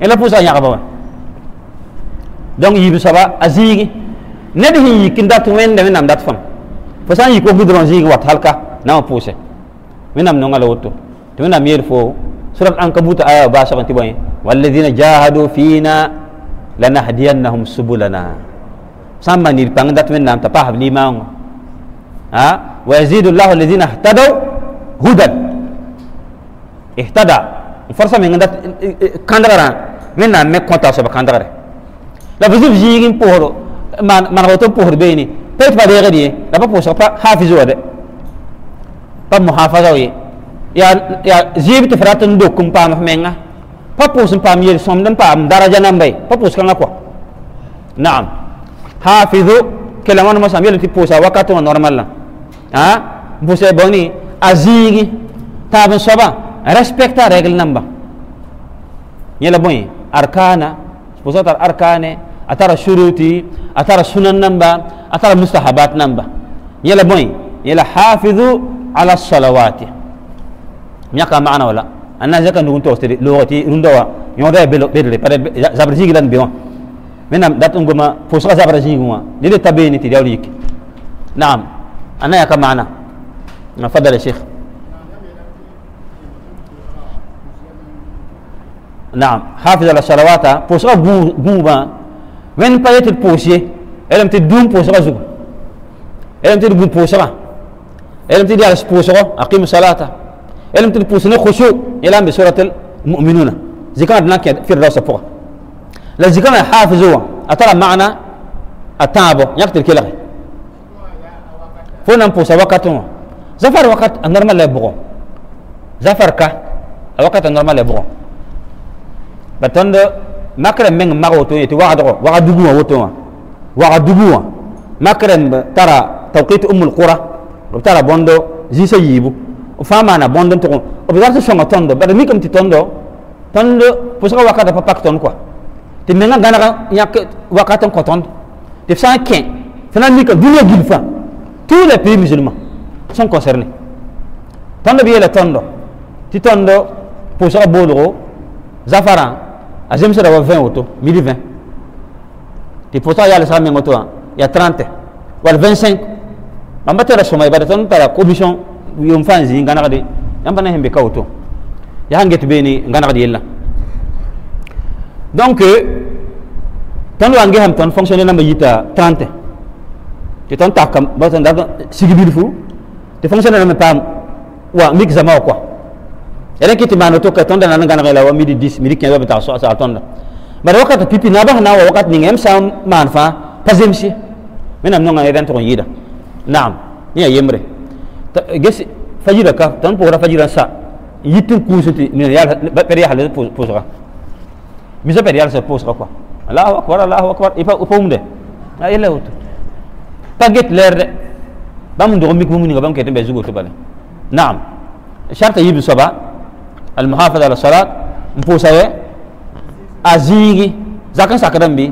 A: ela pusa nya wa dong yibu saba a zĩigi ned sẽn yik n dat wẽnda wẽnnaam dat fãm fo yi ko yik zigi wat halka na wã pʋʋsɛ wẽnnaam nonga la woto tɩ wẽnnaam yeel fo surat ankabut aya baasg tɩ bõe walladina jahadu fina lanahdiyannahum subulana sã ni pang yir pãng dat wẽnnaam lima paasb wa yazidullahu alladhina ihtadaw hudan ihtada forsa mi ngandat kandagara min na me konta so kandagara la bizu yigin pohoro man man hoto pohoro be ni pet ba de gadi la ba poso pa hafizu wade pa muhafaza wi ya ya jib te fratun do kum pa ma menga pa poso pa mi som dan pa daraja nan bay pa poso kan akwa na'am hafizu kelaman ma samyel ti posa wakati normal la ha buse boni azigi tabin soba respecta règle namba ñela boy arkana sposatar arkane atara shuruti atara sunan namba atara mustahabat namba يلا بوين يلا حافظوا على الصلوات ميقا معنا ولا الناس ذاك نقول توستري لغتي رندوا يودا بيل بيل بار زبرجي لان بيون من دات نقوم فوسا زبرجي نقوم دي تبيني تداوليك نعم انا يا معنا تفضل يا شيخ نعم حافظ على صلواته بوسرا بوما وين بايت البوسي علم تدوم بوسرا زو علم تدوم بوسرا علم تدي على بوسرا اقيم الصلاه علم تدي بوسنا خشوع الى بسوره المؤمنون ذكر لك في الراس فوق لا ذكر حافظوا اترى معنى التعب يقتل كلا فونا بوسا وقتهم زفر وقت النورمال لا يبغون زفر كا وقت النورمال لا يبغون ba tõnd meng magoto yeti yetɩ wagdgo waga dugu woto wã waga dugu makrẽn tara tawqit umul qura tara bondo zĩsã yibu fama na bondo to o bi b sõnga tõndo bare nikam ti tõndo tondo pʋsga wakata pa pak tõnd kɔa tɩ menga gãnega yãk wakat n kõ tõnd ti b sã n kẽ tɩ na n tous les pays musulmans sont concernés tondo b yeela tõndo ti tondo pʋsga boolgo zafaran Azem sera 20 auto, midi 20. Et pourtant, il y a le salaire auto, hein. il y a 30, ou 25. En bas, tu as chômage, tu as la commission, il y ngana un fan, il y a un ganardi, il y a un il y a un donc euh, ton lo ange ham ton fonctionner namba yita 30 te ton takam ba ton da sigibil fu te fonctionner namba pam wa mik zama quoi eren kiti mano to katonda nan ngana ngala midi 10 midi 15 bita so sa tonda bare wakati pipi na bah na wakati ni ngem sam manfa pazemsi menam nonga eren to yida naam ni yemre gesi fajira ka tan pora fajira sa yitin kusuti ni ya per ya halen posra misa per ya sa posra kwa allahu akbar allahu akbar ifa upumde ayela utu paget ler bam ndo mi ko muni ngam ketembe zugo to bale naam sharta yibi soba al-muhafaz ala salat mpo saye azigi zakin sakadan bi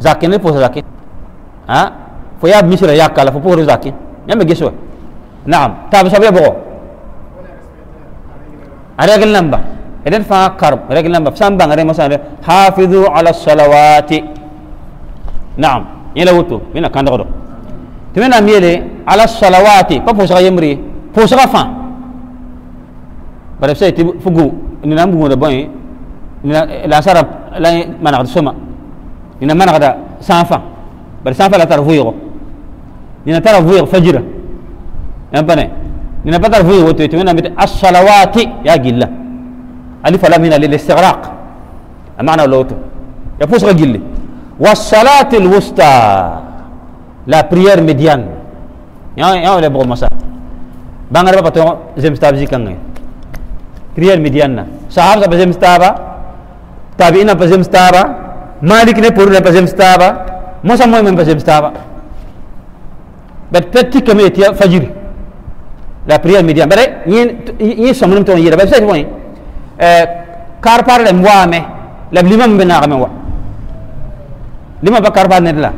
A: zakin ne posa zakin ha fo ya misra ya kala fo pore zakin nyame geso na'am ta bi sabe bogo aregel namba eden fa karb aregel namba samba ngare masane hafizu ala salawati na'am yela wutu mina kandodo timena miele ala salawati pa posa yemri posa fa بس هي فجو إننا نبغى نبغي إن لا سرب لا ما نقدر سما إن ما نقدر سافا بس سافا لا ترى فيه إن ترى فيه فجر يعني بنا إن بدر فيه هو تويت من الصلوات يا جلة ألف لام هنا للاستغراق المعنى لوتو يا فوس رجلي والصلاة الوسطى لا بريير ميديان يا يا ولا بقول مسا بعمر بابا تون زمستابزي كنعي ريال ميديانا صحابة بزم ستابا تابعين بزم ستابا مالك نه پورن بزم ستابا موسى موي من بزم ستابا بس بتي كم يتيا فجر لا بريال ميديان بره ين ين سمنم تون يرا بس وين آه، كار بار لم وامه لم لما بنا غم وا لما بكار بار ندلا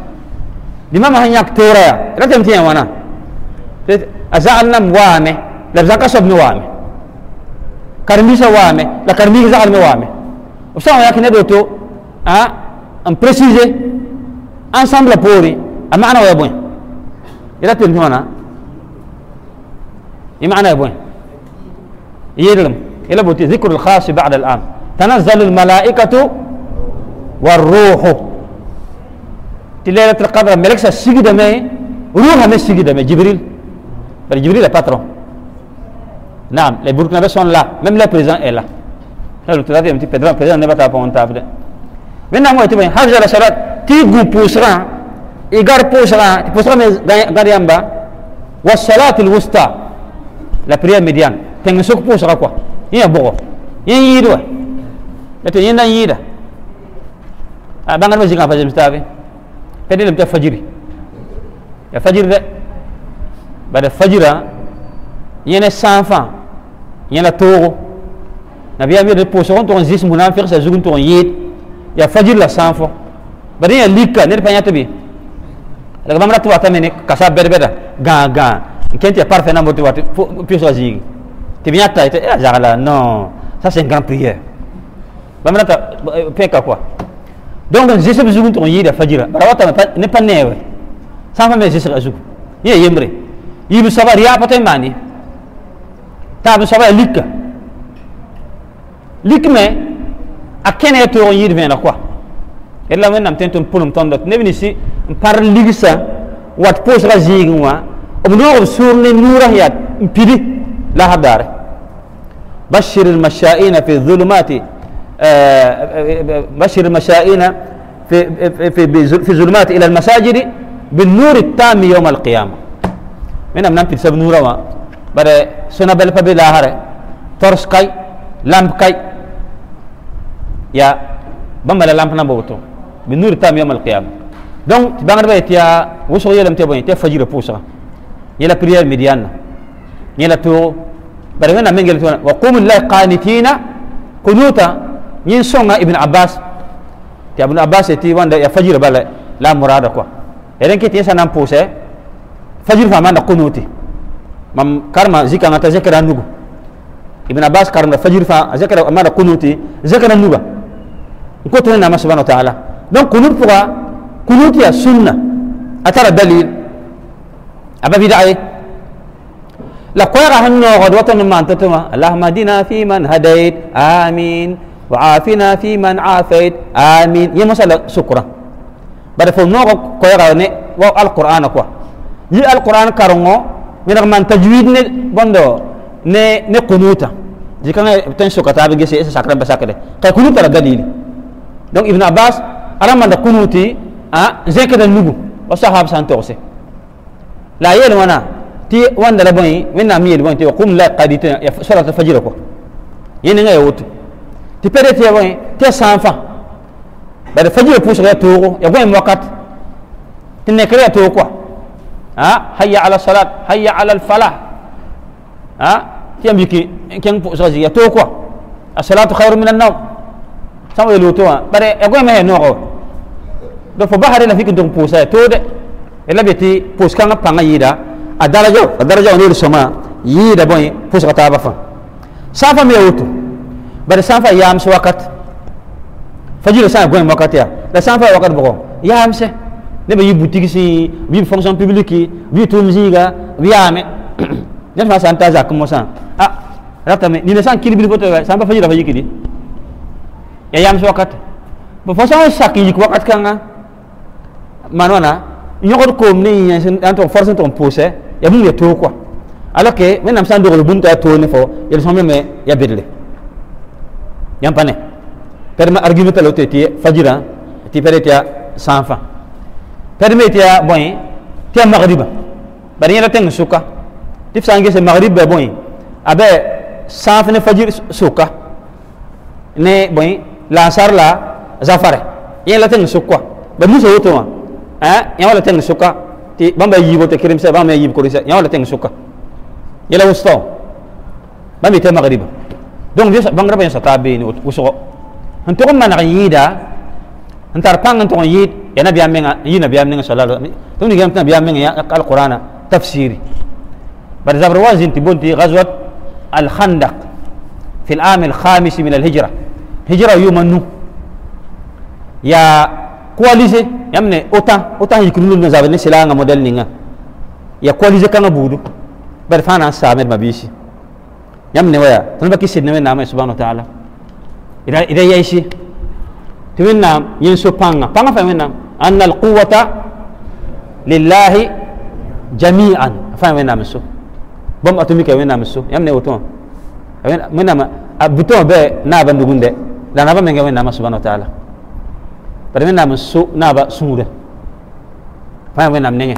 A: لما ما هنيك تورا لا تمتين وانا أزعلنا موامه لبزاك صبنا وامه كرميشة وامة لا كرميك زعل موامة وسام يا كنا دوتو آه أم بريسيز أن سام لبوري المعنى ويا بوين إذا تلمي هنا المعنى يا بوين يدلم إلا بوتي ذكر الخاص بعد الآن تنزل الملائكة والروح ليلة القدر ملكسة سيجد ماي روحها مش سيجد ماي جبريل جبريل الباترون Non, les Burkinabés sont là. Même le président est là. Là, le un petit le n'est pas Maintenant, moi, tu la Salat, tu vous poussera, garde poussera, tu pousseras Wa Salat Wusta, la prière médiane. Tu poussera quoi. Il y a un Il y a hein. y a Ah, je vais vous dire, je vais Fajiri. Fajira, il y yẽla toogo nabiyam yetɩ pʋʋsg n tʋg n zĩs munafɩgsa zug n tʋg n yɩɩd yaa fajir la sãn fo bad yaa lika ned pa yã tɩ be la bãmb ratɩ watame ne kasa bɛd-bɛda gãa gãa n ken tɩ yaa parfɛ nãmbo tɩ wa tɩ pʋʋsga zĩigi tɩ b yãta tɩ non ça c'est un grand prière bãmb rata eh, pẽka quoi donc n zɩsb zug n tʋg n yɩɩda fajira bara watame ne pa neewe sãn fa me zɩsga zug yẽ yembre yiib soaba rɩa pa tõe n تابي سبعه لك لك ما أكن يتوه يد من أقوى إلا من نم تنتون بولم تندت نبني سي مبار لغسا وات بوش رزيق وا أبنوغ بسور نورا هيات مبيري لا هدار بشر المشائين في الظلمات آه، بشر المشائين في في في ظلمات الى المساجد بالنور التام يوم القيامه من نم تنتون نورا bare suna bel pabi lahare tors kai lamp kai ya bambala lamp na boto bi nur tam yom al qiyam donc ti bangar bay tiya wuso yelam te boy te fajira pousa yela prière midiana yela to bare ngana mengel to wa qum lillahi qanitina kunuta yin songa ibn abbas ti ibn abbas ti wanda ya fajira bala la murada ko eren ke ti sanan pousa fajir fa manda qunuti mam karma zika ngata zekara nugu ibn abbas karma fajir fa zekara amana kunuti zekara nuga ko to na subhanahu wa ta'ala donc kunut pourquoi kunuti ya sunna atara dalil aba bid'ah la qara hanno god watan man tatuma allahumma dina fi man hadait amin wa afina fi man afait amin ya masala sukra bada fo no ko qara ne wa alquran quoi yi alquran karongo nera man tajwid ne bondo ne ne kunuta jikanga tan so katabe gese esa sakran basakade kay kunuta la dalili donc ibn abbas arama da kunuti a ah, zeke da nugu wa sahab san tose la yel wana ti wanda la boy minna mi yel boy ti qum la qadita ya salat al fajr ko yene ngay wutu ti pere ti boy ti sanfa ba da fajr pusa ya togo ya boy wakat ti ne kare to ko ha hayya ala salat hayya ala al falah ha tiam biki keng pu sazi ya to ko as-salatu khairu minan nawm sama yelu to bare e go me no ko do fo bahare la fikki dum pu sa to de ela beti pus kanga panga yida a darajo a darajo ni soma yida boy pus ka taba fa safa me wutu bare safa yam so wakat fajir sa go me wakat ya da safa wakat bogo yam se ne ba yi boutique si bi fonction publique bi yi tum ziiga ɓe yaame ne fa santa za zakke mo ah rata me ni ne n kil bil poto e, sã n pa fa yɩra fa di ya yam so kat ba fa sã n sak n yik wakat kãnga maan wãna yõgd ko ne yẽ n tog force ton tog ya bu ne to kɔa alors que men am n dogl bũmb tɩ ya ne fo yel ya sõm me ya bidle yãmb pa ne pɛdma argument tala tɩ ti tɩ pɛd ti ya sãn permet ya boy te magriba bari yela teng suka tif sangi se magriba boy abe saf ne fajir suka ne boy la sar la zafare yela teng suka ba muso woto wa eh yela teng suka ti bamba yibo te kirim se bamba yibo korisa yela teng suka yela wusto bambi te magriba donc je bangra ba yasa tabe ni wuso han to man yida han tar pang han to yid ya nabi amenga yi nabi amenga sallallahu alaihi wasallam tuni gam nabi amenga ya alqur'ana tafsiri bar zabr wazin tibunti ghazwat al khandaq في العام الخامس من الهجرة هجرة يومنو يا كواليزي يمني أوتا أوتا يكونوا لنا زابني سلانا موديل نينا يا كواليزي كان بودو برفانا سامر ما بيشي يمني ويا تنبكي سيدنا من نعمة سبحانه وتعالى إذا إذا يعيشي tɩ wẽnnaam yẽnso pãnga pãnga fa wẽnnaam anna alquwata lillahi jamian fa wẽnnaam so bõmb a tɩ mika wẽnnaam so yãmb ne woto wẽnnaam a butõ wã bɩ naaba nugunde la naaba menga wẽnnaamã subhana wa taala bara wẽnnaam so naaba sũura fã wẽnnaam nengẽ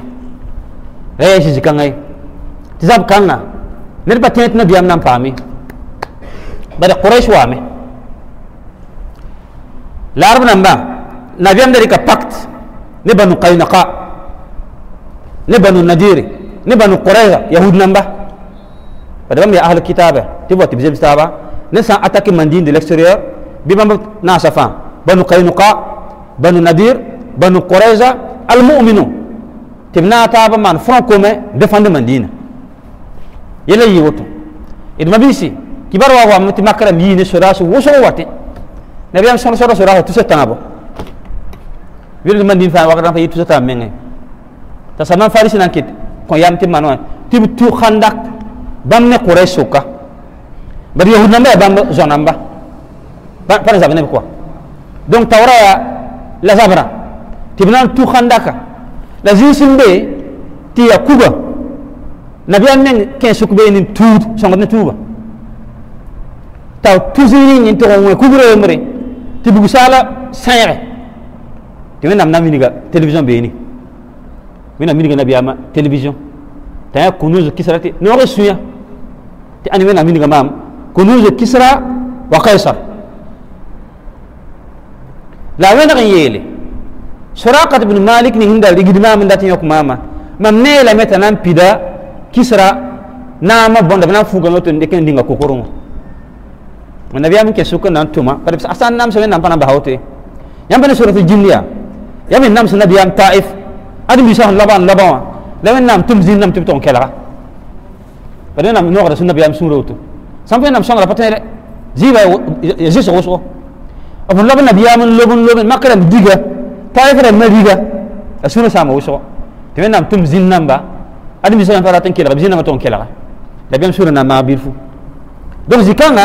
A: ra yaa sisi kãngã ye tɩ zab kãnga ned pa tẽet nabiyaam nan paame bare quraish waame العرب نمبا نبيهم ذلك بكت نبنو قينقاء نبنو النذير نبنو قريظة يهود نمبا فدام يا أهل الكتاب تبغى تبزيب ستابا نسا أتاك من دين دي بما ناسا فام بنو قينقاء بنو النذير بنو قريظة المؤمنون تبنا تابا من فرانكومي دفن من دين يلا يوتو إدم بيسي كبار واغوا متمكرم مين سراسو وسو واتي Nabi am soro sora sura tu setan apa? wir man din fa wakata fa tusa setan menge ta sanan farisi nan kit ko yam tim manon tim tu khandak bam ne quraish ka bar yahud nan ba bam zonamba par exemple ne quoi donc tawra ya la zabra tibnan tu khandaka la jisimbe ti yakuba nabiyam men ken sukbe ni tuud songo ne tuuba taw tuzini ni to ko kubure mure tɩbg saala sãyɛgɛ tɩ wẽnnaam na miniga television beene wẽnnaam miniga nabiyaama television t'a yaa kunuz kisra tɩ suya sũyã ani ãne wẽnnaam miniga maam kunuz kisra wa kaisar la a wẽneg yele yeele ibn malik ni hinda rigid mam maam n yok mam ne la na nam pida kisra nama bonda na fuga no to ndeken dinga من أبيام كيسوك نان توما قريب أسان نام سمين نام بهاوتي يام بني سورة الجنية يام نام سنة بيام تائف أدم بيسا هن لبان لبان لما نام توم زين نام تبتون كلا بني نام نوغ رسول نبيام سوروتو سامبي نام سنة رفتن إلي زيبا يزيس غوصو أفن لبن نبيام لبن لبن ما كرم ديغة تائف رم ديغة أسونا سامة وصو تمين نام توم زين نام با أدم بيسا هن فراتن كلا بزين نام تون كلا لبيام سورة نام ما بيرفو دوك زيكانا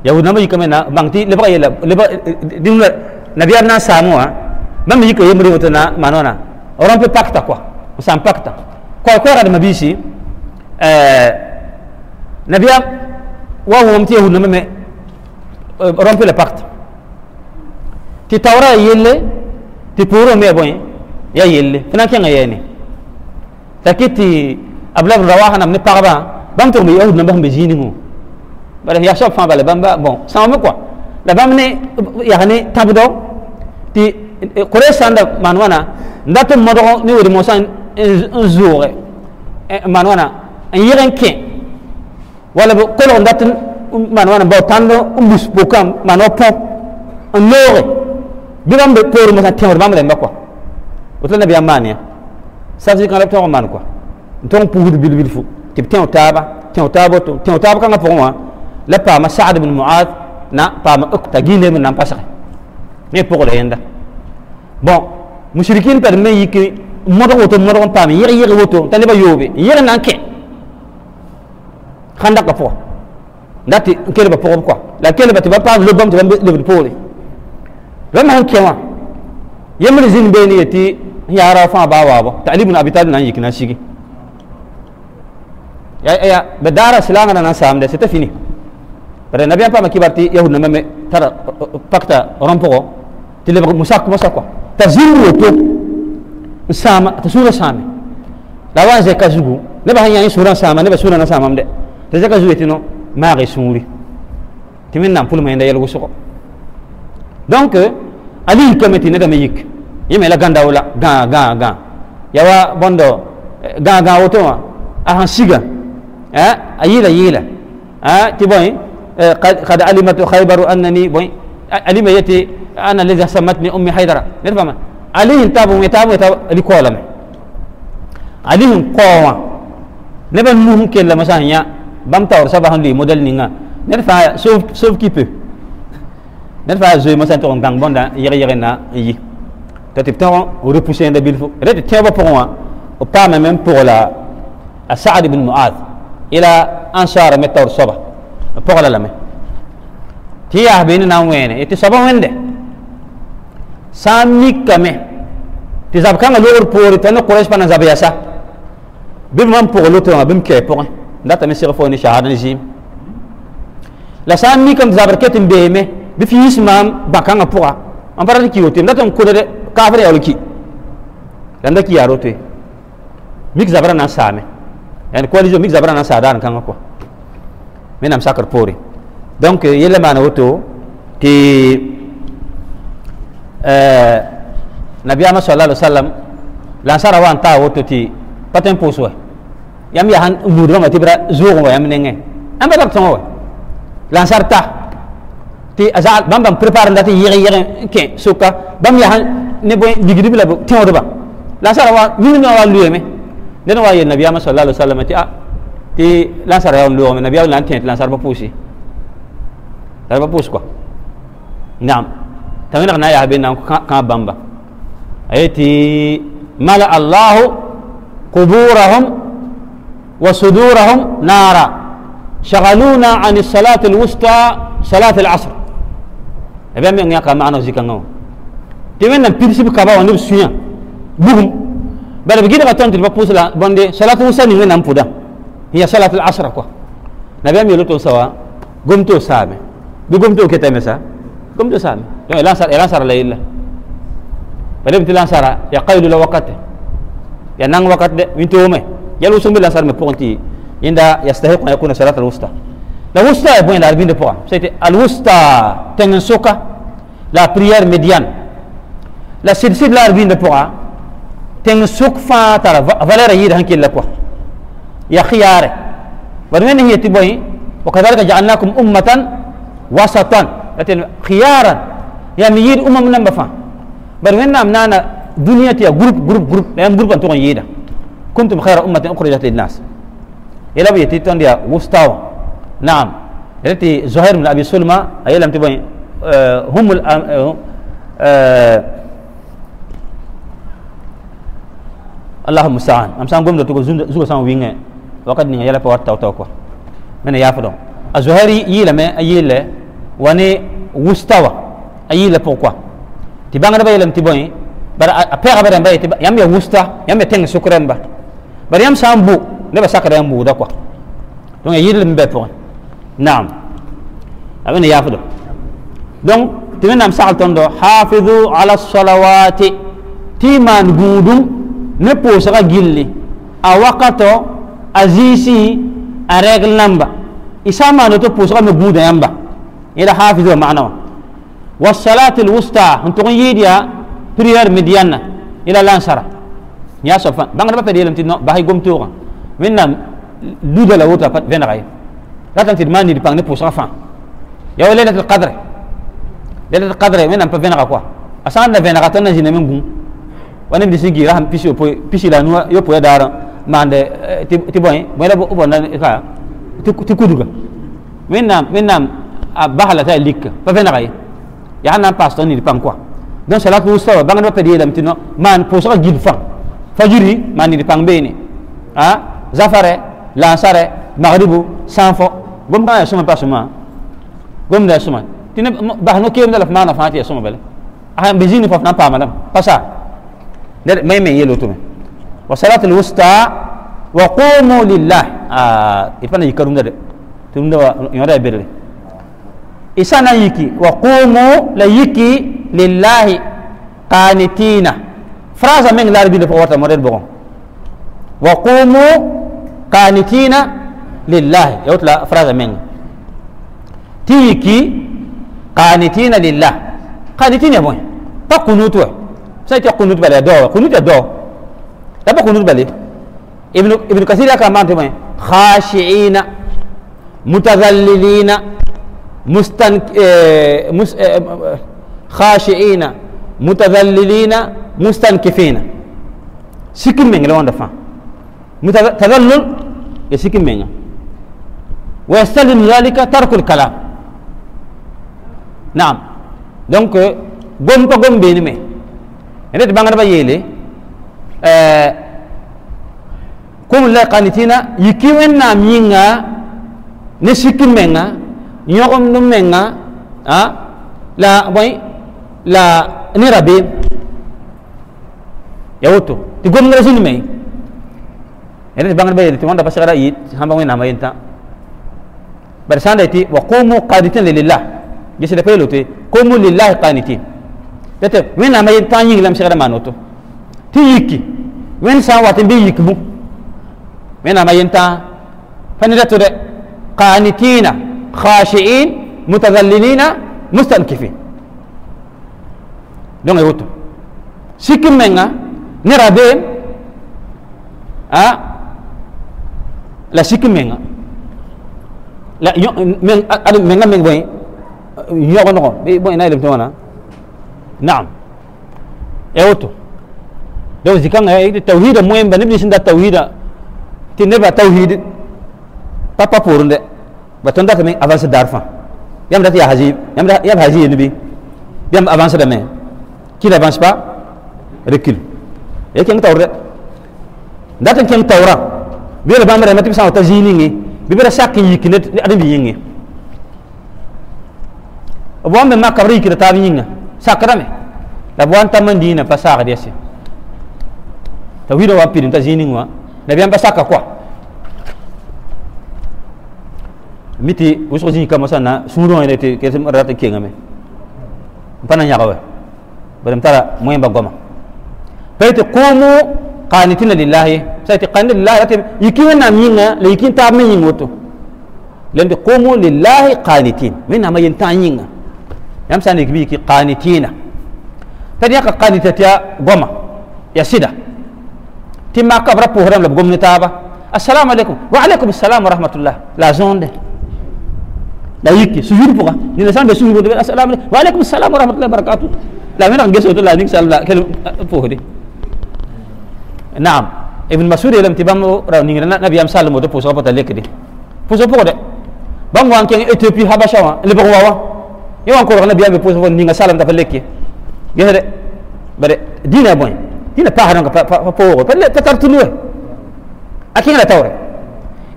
A: Ya na yikame na bangti leba yela leba di nabiyar na samu ha mam yiko yemri wotana manona oran pe pakta quoi musam s'en pakta ko ko ra de mabisi eh nabiya wa hum ti yahud me eh, pe le pacte ti taura yelle ti puro me ya yelle fina kenga yene takiti ablab rawaha nam ne parba bam to me yahud na bam be jiningu bara ya shop fa bala bamba bon ça sama ko la bam ne yani tabdo ti quraish sanda manwana wana ndatu modo ni wori mosan un jour manwana wana en yiren ke wala ko lo ndatu man wana bo tando umbus bokam man opo en lore bi bam be pour mosan tiawr bam le mbakwa nabi amania sa fi kan le to man quoi donc pour vous de bilbil fou ti tiaw taba tiaw tabo tiaw tabo kan pour moi لبا سعد بن معاذ نا با ما اكتا جين من نام باشخي إيه مي بوغل هيندا بون مشركين بير مي يكي مدو ووتو مدو ون بامي يغي يغي ووتو تاني با يوبي يغي نانكي خاندك با فو داتي كير با فوغم كوا لا كير با تبا با لبام تبا لبا بولي لما هن كيما يمر زين بيني يتي يا رافع بابا تعليم ابن ابي طالب نانيك نانشيكي يا يا بدار سلامنا نسام ده ستفيني bare nabi apa makibarti yahud namame tara pakta rompogo tile musa ko musa ko tazimu to sama tasura same lawan ze kazugu ne ba hanya sura sama ne ba sura na sama mde te ze kazugu tino ma ga sumuri timin nan pulma inda yelgo soko donc ali kameti ne da meyik yeme la ganda wala ga ga ga yawa bondo ga ga woto ahan siga eh ayila yila eh tiboy آه، قد علمت خيبر انني بوين علم يتي انا الذي سمتني امي حيدره نرفهم عليه تابو متابو تابو لكولم عليه قوا نبل مهم لما سانيا بام تاور صباح لي موديل نينا نرفع سوف سوف كيبو نرفع زوي ما تون غان بوندا يري يرينا نا يي تتي بتون ريبوسين دبيل فو ريت تيابا بوغوا او با ميم لا سعد بن معاذ الى انصار متور صباح pɔgɔ la lame tɩ yaas bee ne na n wẽene tɩ soaba wẽnde sã n mikame tɩ zab-kãngã loogr poore t'a ne kʋrɛs pa na zab yasa bɩ mam pʋgã loto wã bɩ m kɛɛ pʋgẽ datame fo ne zɩɩm la sã n mikame tɩ zabr ket n beeme bɩ fɩ yĩs maam bã-kãngã pʋga n pa rat n ki woto data n kodre kaafr yaool ki la n da ki yaa rotoe mik zabrã na n saame mik zabrã na n saa daan kãngã من أم سكر بوري دونك يلا ما نوتو تي آه، نبي الله صلى الله عليه وسلم لانسارا وان تا وتو تي باتن بوسو يام يا هان نور ما تبرا زوغ ما يام نينغي ام بلا تصمو لانسار تا تي ازال بام بام بريبار لاتي يغي يغي كي سوكا بام يا هان نيبوي ديغي ديبلا تيو دبا لانسارا وان نينو وا لويمي نينو وا يي نبي الله صلى الله عليه وسلم تي ا آه، ti lansar ya lo men nabiya lan tent lansar ba pusi lansar ba pus ko nam tamina na ya bin nan ka bamba ayati mala allah quburahum wa sudurahum nara shaghaluna an as-salat al-wusta salat al-asr abiyam ya ka ma'ana zikango ti men nan pirsib ka ba wani suya bugum bala bigida ba tontir ba pusla bonde salatu wusta ni men nan pudan هي صلاة العصر كو نبي أمي لتون سوا قمتو سامي بقمتو سا قمتو سامي لا صار سار صار سار بنبت لا صار يقيل لو وقت يا نان وقت ده من تومه يلو سمي لا صار مبونتي يندا يستحق أن يكون صلاة الوسطى لا الوسطى يبون الأربعين دي بوام سيتي الوسطى تنين سوكا لا بريير ميديان لا سيد سيد الأربعين دي بوام تنين سوك فاتر ترى فالير يد هنكي لكوا يا خيار برمين هي تبوي وكذلك جعلناكم أمة وسطا خيارا يا ميير أمة أمم نمبر فان برمين نامنا دنيا تيا جروب جروب جروب لأن جروب أنتم يدا كنتم خير أمة أخرجت للناس إلا تيتون يا وستاو نعم التي زهير من أبي سلمى أي لم تبوي أه هم الأم آه،, أه أه اللهم المستعان أمسان قوم دتوكو زوجة سان وينه وقد نيا يلا تاو تاو كو من يافدون الزهري يلا ما يلا وني وستوا يلا بوكو تي بانغ ربا يلم تي بوين بار ابيغ بار مبا يتي يام يا وستا يام تين سكرن با بار يام سامبو لبا سكر يام بودا كو دون يلا مبا بوين نعم ابن يافدون دونك تمنام سالتون دو حافظوا على الصلوات تيمان غودو نبوسا جيلي a wakato azisi a règle namba isa mano to pusuga me buda yamba ila hafizu ma'na wa والصلاة الوسطى انتو يديا بريير مديانا الى لانسرا يا صفان بان با بريير متنو باي غوم توغا وين نام دودا لا وتا فات فين راي راتن تدماني دي بان نبوس رفان يا ليلة القدر ليلة القدر وين نام فين راكوا اسان دا فين راتن نجي نمن غوم ونم دي سيغي راهم بيسي بيسي لا نوا يو بو دارا mande ti boy boy la bo na ka ti kuduga winnam winnam a bahala ta likka pa fena kay ya na pastor ni pam quoi donc c'est là que vous savez bangan ba pedi lam tino man pour ça gil fa fajiri man ni pam bene ha zafare lansare maghribu sanfo gom ka suma pa suma gom da suma tino bahno kem da la mana fa ti suma bele a bezini fa na pa malam pasa ne mai mai yelo to وصلاة الوسطى وقوموا لله آه إفنا يكرون ده تمنا يورا بيرد إسانا يكي وقوموا ليكي لله قانتين فرازا من لا ربي لفوات مريد بغم وقوموا قانتين لله يوتلا فرازا من تيكي قانتين لله قانتين يا بوين تقنوتوا سيتقنوت بلا دو قنوت دو دابا كنوت بالي ابن ابن كثير كما انتم خاشعين متذللين مستن آه، مس... آه، آه، خاشعين متذللين مستنكفين سكن من لون دفع متذلل يسكن من ويستلزم ذلك ترك الكلام نعم دونك قم قم بيني مي يعني انت بانغنا با يلي kum le kanitina yikimen na minga ne sikin menga nyogom no menga a la boy la ni rabi yawto ti gom na sin me ene bangal bayel ti wanda basira yit hamba ngena mayenta bar bersanda ti wa qumu qaditan lillah yesi da pelote qumu lillah qanitin tete lam sigara manoto تيكي وين سان واتن بي يكبو وين اما ينتا فنجاتو ده قانتين خاشعين متذللين مستنكفين دون يوتو سيكم منا نرابين آه. لا سيكم منا لا يو من من من يو نو بي بو نعم يوتو لو زي هاي التوحيد مهم بنبني شندا التوحيد تنبه التوحيد بابا بورند بتوندا كمي افانس دارفا يام دات يا حجيب يام دات يا حجيب نبي يام افانس دمه كي افانس با ركيل يكن تورد دات كن تورا بامر بامره متي سان تزيني بيبرا ساكن يكنت ادم ييني ابوام ما كبري كده تابينga ساكرمه لابوان تمن دينا فساق ديسي tawilo wapiri mtaziningwa nabyamba saka kwa miti wusgo zini kama sana suro ene te kete rata kengame mpana nyakawe eh? bare mtara mwemba goma pete kumu qanitina lillahi sayti qanil lillahi atim yikin na minga le yikin ta min ngoto lende kumu lillahi qanitin min ma yenta nyinga yam sani gibi ki qanitina tadi ka qanitata goma ya sida timma kabra puhram lab gomni taba assalamu alaikum wa alaikum assalam wa rahmatullah la zonde la yiki sujud puga ni la sambe sujud be assalamu alaikum wa alaikum assalam wa rahmatullah barakatuh la mena ngeso to la ning sala kel puhdi na'am ibn mas'ud lam tibam raw ning na nabiyam sallam to puso pata lekdi puso pugo de bam wan ken ethiopie habasha wa le bawa wa yo wan ko nabiyam be puso ning sallam ta lekki gehre bare dina boy هنا باهر نقطة فا فوق فل فترتلوه أكين لا توري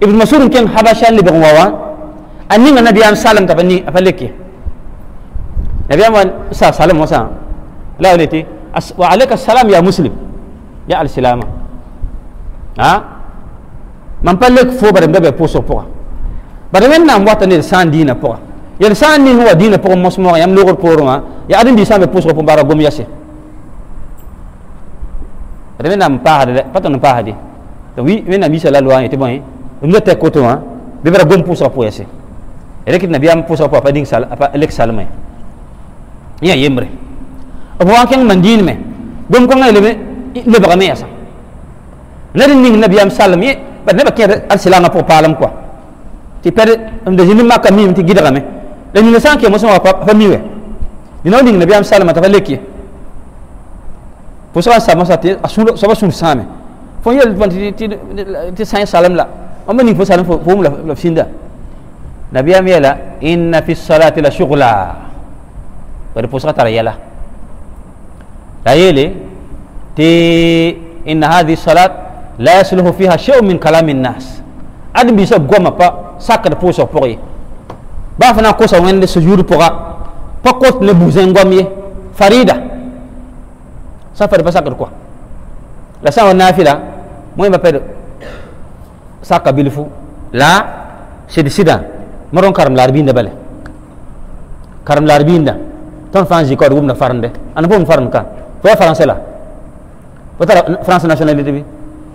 A: ابن مسعود كان حبشة اللي بقوموا أني من النبي أن سالم تبني أفلكي النبي أن سالم وسا لا ولتي وعليك السلام يا مسلم يا السلام ها من بلك فو برم ده بوسو فوق برمين نام واتن الإنسان دينا فوق يعني يا الإنسان دين هو دينا فوق مسموع يملك الفورما يا أدين ديسان بوسو فوق بارا بومياسي ta men nam paade pato nam paade to wi men nam bisa la loi te bon no te koto hein be gom pousa po ese ere kit nabi am pousa pa ding sal pa elek salme eh? ya yemre iya, abo wakin mandin me gom ko ngale me le bara me asa la din ning na am salme ba ne neba ke al silama po palam kwa. ti per am de jini makka mi ti gidara me la ni sa ke mo so pa fa miwe dinaw ning nabi am salama ta fa lekki فسوا سما ساتي اسول سوا سول سام فون يل فون تي تي تي سان سالم لا اما ني فو سالم فوم لا لا فيندا نبي ام يلا ان في الصلاه لا شغلا بر فسوا تر يلا لا يلي تي ان هذه الصلاه لا يصلح فيها شيء من كلام الناس ادم بيسو غوما با ساكر فوسو بوري با فنا كوسو وين السجود بوغا فقط نبوزين غوميه فريده safari basakir kwa la sawa nafila moy ba pedo saka bilfu la sidi sida maron karam la larbinda bale karam la larbinda ton fangji ko dum na farande an bom farm ka to français la patara france nationalité bi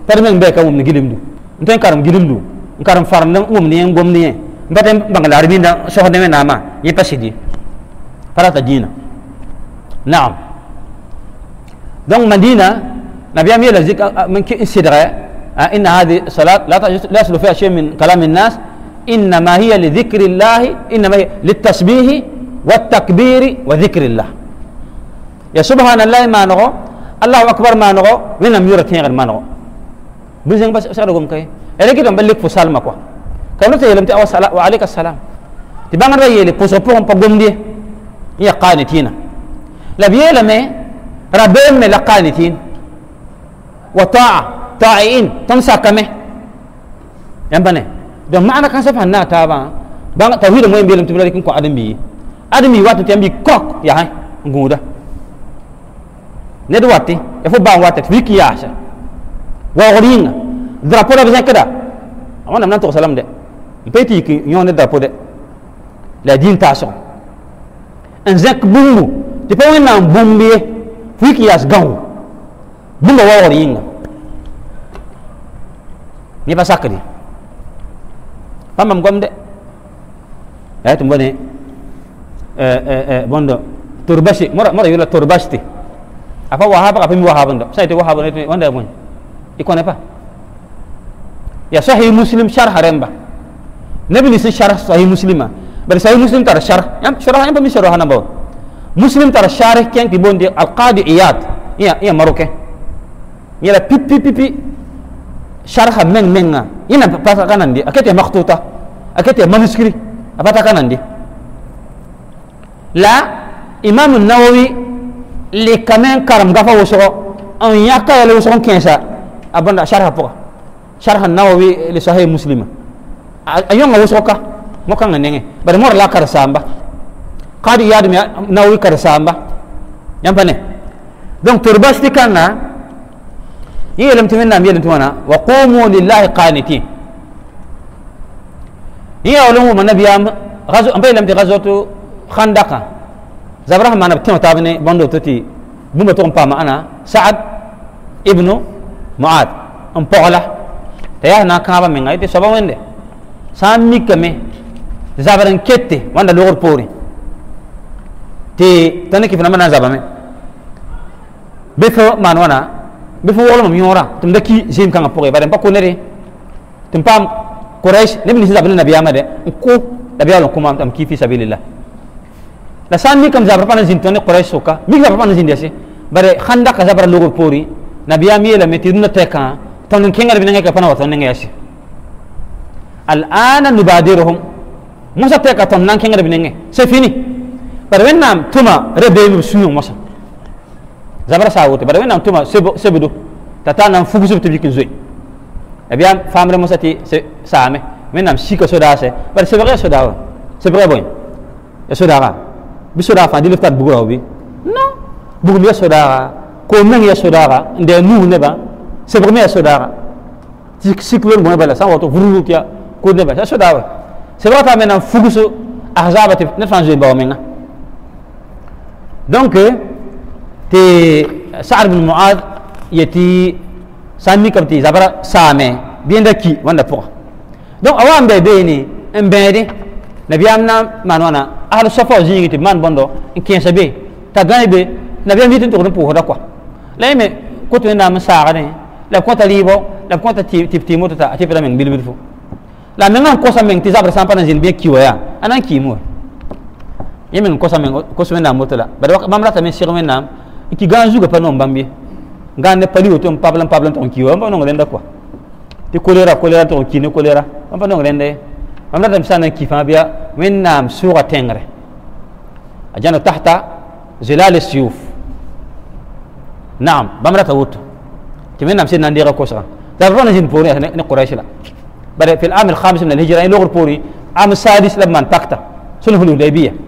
A: permen be ka mum ni gilimdu nten karam gilimdu karam farm na mum ni ngom ni mbatem bang larbinda so hodeme nama shidi parata dina na'am donc مدينة نبي أمير لزيك آه، آه، من كي إنسدغة آه، إن هذه الصلاة لا لا يصل فيها شيء من كلام الناس إنما هي لذكر الله إنما هي للتسبيح والتكبير وذكر الله يا سبحان الله ما نغو الله أكبر ما نغو من أم يرتين غير ما نغو بزين بس أسألكم كي إذا كده بلك فصال مكوا كانوا تيلم تأوى السلام وعليك السلام تبان رأيي لبوسو بوهم بقوم دي هي قانتينا لبيه لمي ربهم لقانتين وطاعة طاعين تنسى كمه ينبني دون معنا كان سفها النا تابا بان توحيد مهم بيلم تبلا لكم كو ادم بي ادم بي واتو تيم بي كوك يا هاي غودا ندو واتي يفو بان واتت فيك ياشا وغرين درابو لا بزن كده اما نمنا تو سلام ده بيتي كي يون درapو ده لا دين تاسو انزك زك بومبو تي بوين fiki yas gaw bumba yi nga ni ba sakri pamam gomde ay eh, tum bone eh eh eh bondo turbashi mora mora yula turbashti apa wahaba apa mi wahaba ndo sayti wahaba ne wanda mo ikone pa ya sahih muslim syarh haremba nabi ni syarh sahih muslima bari sahih muslim tar syarh yam syarh yang mi syarh muslim tara sharih ken ti bondi al qadi iyad iya iya maroke yela iya, pi pi pi sharha men menga ina iya, pasa kanandi akete maktuta akete manuskri apata kanan ah, la imam an-nawawi li kamen karam gafa so an yaka yele ya woso kensa abanda sharha poka sharha an-nawawi li sahih muslim ayonga so ka mokanga nenge bare mor la kar samba قد يادم نوي كرسامبا يمبني دونك تربستي كان يلم تمنا يلم تمنا وقوموا لله قانتين هي علوم من نبي ام غزو ام بيلم غزوت خندقه زبره ما نبتم تابني بندو تتي بومba تون بام انا سعد ابن معاذ ام بوغلا تيا نا كابا من غيتي سبا وينده سامي كمي زبرن كتي وانا لور بوري ti tani fina mana zabame befo man wana befo wolo mo yora tum daki jim kanga pore bare mbako nere tum pam quraish ne bin zabin nabi amade ko nabi alon kuma tam kifi sabilillah la san mi kam zabra pana jin tani quraish soka mi zabra pana jin desi bare khanda ka zabra logo pori nabi ami la meti dun teka tan nung bin nga ka pana wato nga yasi al ana nubadiruhum musa teka tan nan kenga bin se fini barwenam tuma rebe suyo masa zabara sa wote barwenam tuma sebo sebudo tata nam fugu sub tibi kin zoy abiam famre mosati se same menam sika soda se bar sebere soda wa sebere boy e soda ra bi soda fa di leftat bugura bi non bugum ya soda ra ko men ya soda ra nde nu ne ba sebere me ya soda ra tik sikwer mo bala sa woto vurut ya ko ne ba soda wa sebere fa menam fugu so ahzabati ne fan zoy ba menga دونك تي سعر بن معاذ يتي سامي كبتي زبرا سامي بين كي وانا فوق دونك اوام بي بيني ام بيني نبيام نام مان وانا اهل الصفا زيني تي مان بوندو ان كين سبي تا غاني بي نبيام يتن تو نبو هدا كو لاي مي كوت نا ما ساغني لا كوتا ليبو لا كوتا تي تي تي موتا تي فرامين بيل بيل فو لا مي كوسا مين تي زبرا سامبان زين بي كي انا كي مو yemen kosa men kosa men na motela bada mam rata men sir men nam ki ganju ga panom bambie ngane pali otom pablan pablan ton kiwa mba non lenda kwa ti kolera kolera ton kine kolera mba non lenda mam rata msana kifa biya men nam sura tengre ajana tahta zilal siyuf naam bamrata wuto ti men nam sin nandira kosa darrona jin pori ne quraish la bada fil am al khamis min al hijra ay lughr pori am sadis lamman pakta sulhul hudaybiyah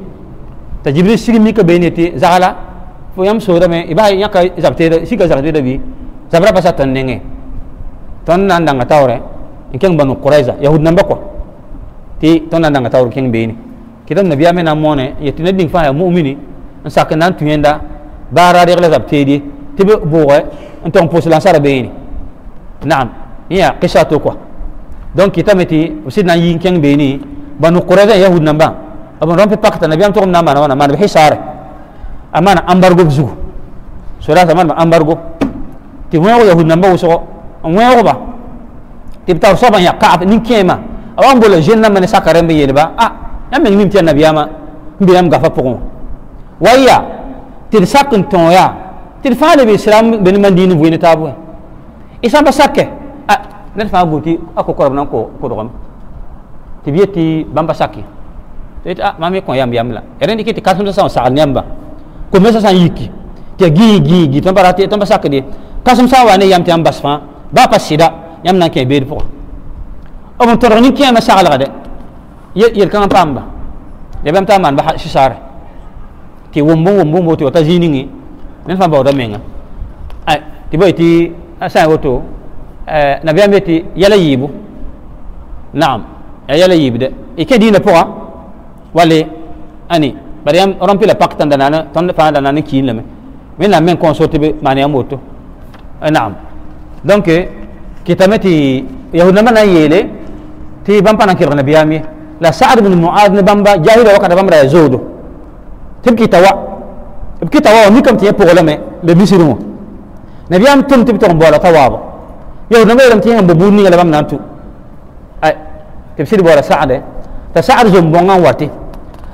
A: ta jibril mi ka beneti Zahala, fo yam so me iba yaka zabte sika zabte da bi zabra pasa tan nenge ton nan danga tawre ken banu quraiza yahud namba ko ti ton nan danga tawre ken beni kidan nabiya me na mone yetina ding fa ya mu'mini sak nan tuyenda bara de zabte di tibe en ton pos la sara beni na'am ya qisatu ko donc kitameti usidna yin keng beni banu quraiza yahud namba أبو رمبي بكتا نبي أم تقوم نامان أنا ما نبي حسارة أما أنا أمبرغو بزو سورة أمان ما أمبرغو تبغون أقول يهود نمبو وسوا أمون أقول با تبتاو صوبا يا كاف نكيما أبغى أقول جن نام من ساكرين بيجي با أ آه، يا من ميم تيان نبي أما نبي أم غافا بكون ويا تلساكن تونيا تلفان بيسلام بن مدين بوين تابو إسلام بساكة أ آه، نرفع بوتي أكو كربنا كو كرام تبيتي بامبا to ita mami ko yam yam la eren dikiti katum sa sa nyamba ko mesa san yiki te gi gi gi to barate to basaka de kasum sa wane yam te ambas fa ba pa sida yam nan ke be po o mon torni ke ma sa ala de yel kan pamba de bam taman ba shi sare ti wombo wombo mo to ta jini ngi men fa ba da menga ai ti boy ti sa woto na biameti yala yibu na'am ya yala yibde ikadina poa wale ani bari yam rompi la pak tanda nana ton fa da nana kin lame min la men kon so tebe mani amoto na'am donc kitamati yahudna na yele ti bam pana kirna biyami la sa'ad bin mu'adh ne bamba jahila wakata bamba ya zodo tibki tawa tibki tawa ni kam tiye pogolame le misiru mo nabiyam tum tibto on bola tawabo yahudna ma yelam tiye am bubuni ngala bam nantu ay tibsir bola sa'ade ta sa'ad zombonga wati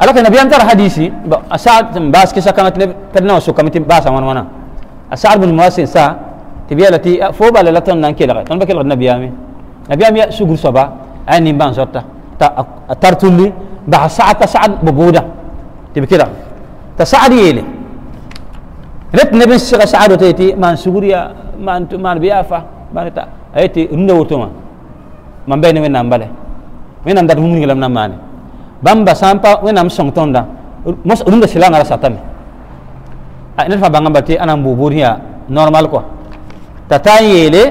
A: ألا كان النبي أنتر حديثي أسعد باس كيسا كانت تبنا وسوك متين باس أمان وانا أسعد بن مواسين سا تبيا التي فوبا لاتون نان كيلغا تون بكيل النبي أمي النبي أمي سوغر صبا عين نيمبان زوتا تا ترتولي با سعد سعد ببودا تبي كيلغا تا سعد يلي رت نبي سيغا سعد وتيتي مان سوغريا مان مان بيافا مان تا ايتي نوتوما من بين من نمبالي من اندر مونغلام نماني bamba sampa song tonda mos ulum da sila ngara satame a ina banga bati ana mbuburiya normal ko tata yele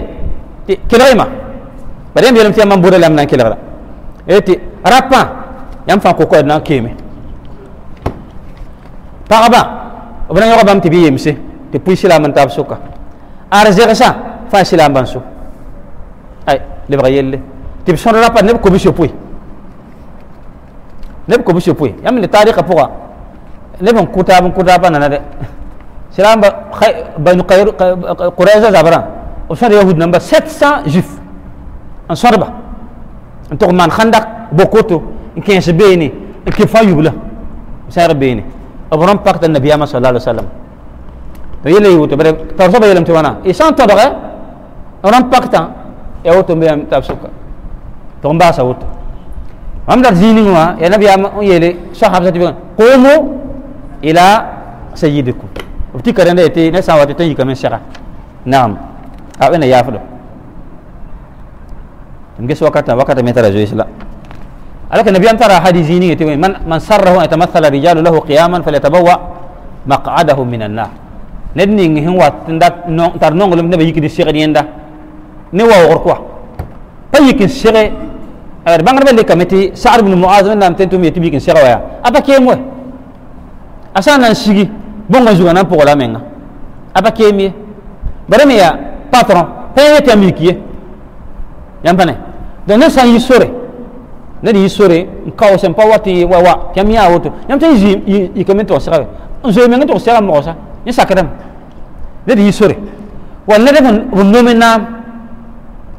A: ti kelaima, bare mi yelam amam am mbure nan eti rapa yam fa ko ko na keme paaba obna yoga bam ti biyemse ti pui sila man tab suka sa fa sila su ay le bagayelle ti bisonra rapa ne ko bisho puisi neb ko bisho pui yam ni tariqa puga neb on kuta bun kuta pa nana de silam ba banu qayr qurayza zabara o shar yahud namba 700 juifs en sorba en to man khandak bokoto en 15 beni en ke fa yubla sar beni abram pacte nabiya ma sallallahu alaihi wasallam to yele yuto bare tar so ba yelam tiwana e san to dore on pacte e auto mbiyam tabsuka to mbasa wuto am dar zini wa ya nabi am yele sahaba tabi qumu ila sayyidikum ti karanda ete na sawati tan yikamen shara na'am abena yafudo ngeso wakata wakata metara zo isla alaka nabi am tara hadisi ni ete man man sarrahu an yatamathala rijalu lahu qiyaman falyatabawwa maq'adahu minan nar nedni ngi hin wat ndat non tar nongolum nabi yikidi shigri yenda ne wa wor kwa payikin shigri ar bangar bel kamati sa'ad ibn mu'az min lam tentum yati bikin sira waya apa ke mo asana sigi bonga juga nan pokola menga apa ke mi bare ya patron pe yati amiki yam pane donc ne sa yi sore ne di sore kaw sem pa wati wawa kam ya woto yam tan ji i kamento sira on zo menga to sira mo sa ni sakadam ne di sore wala ne ko nomina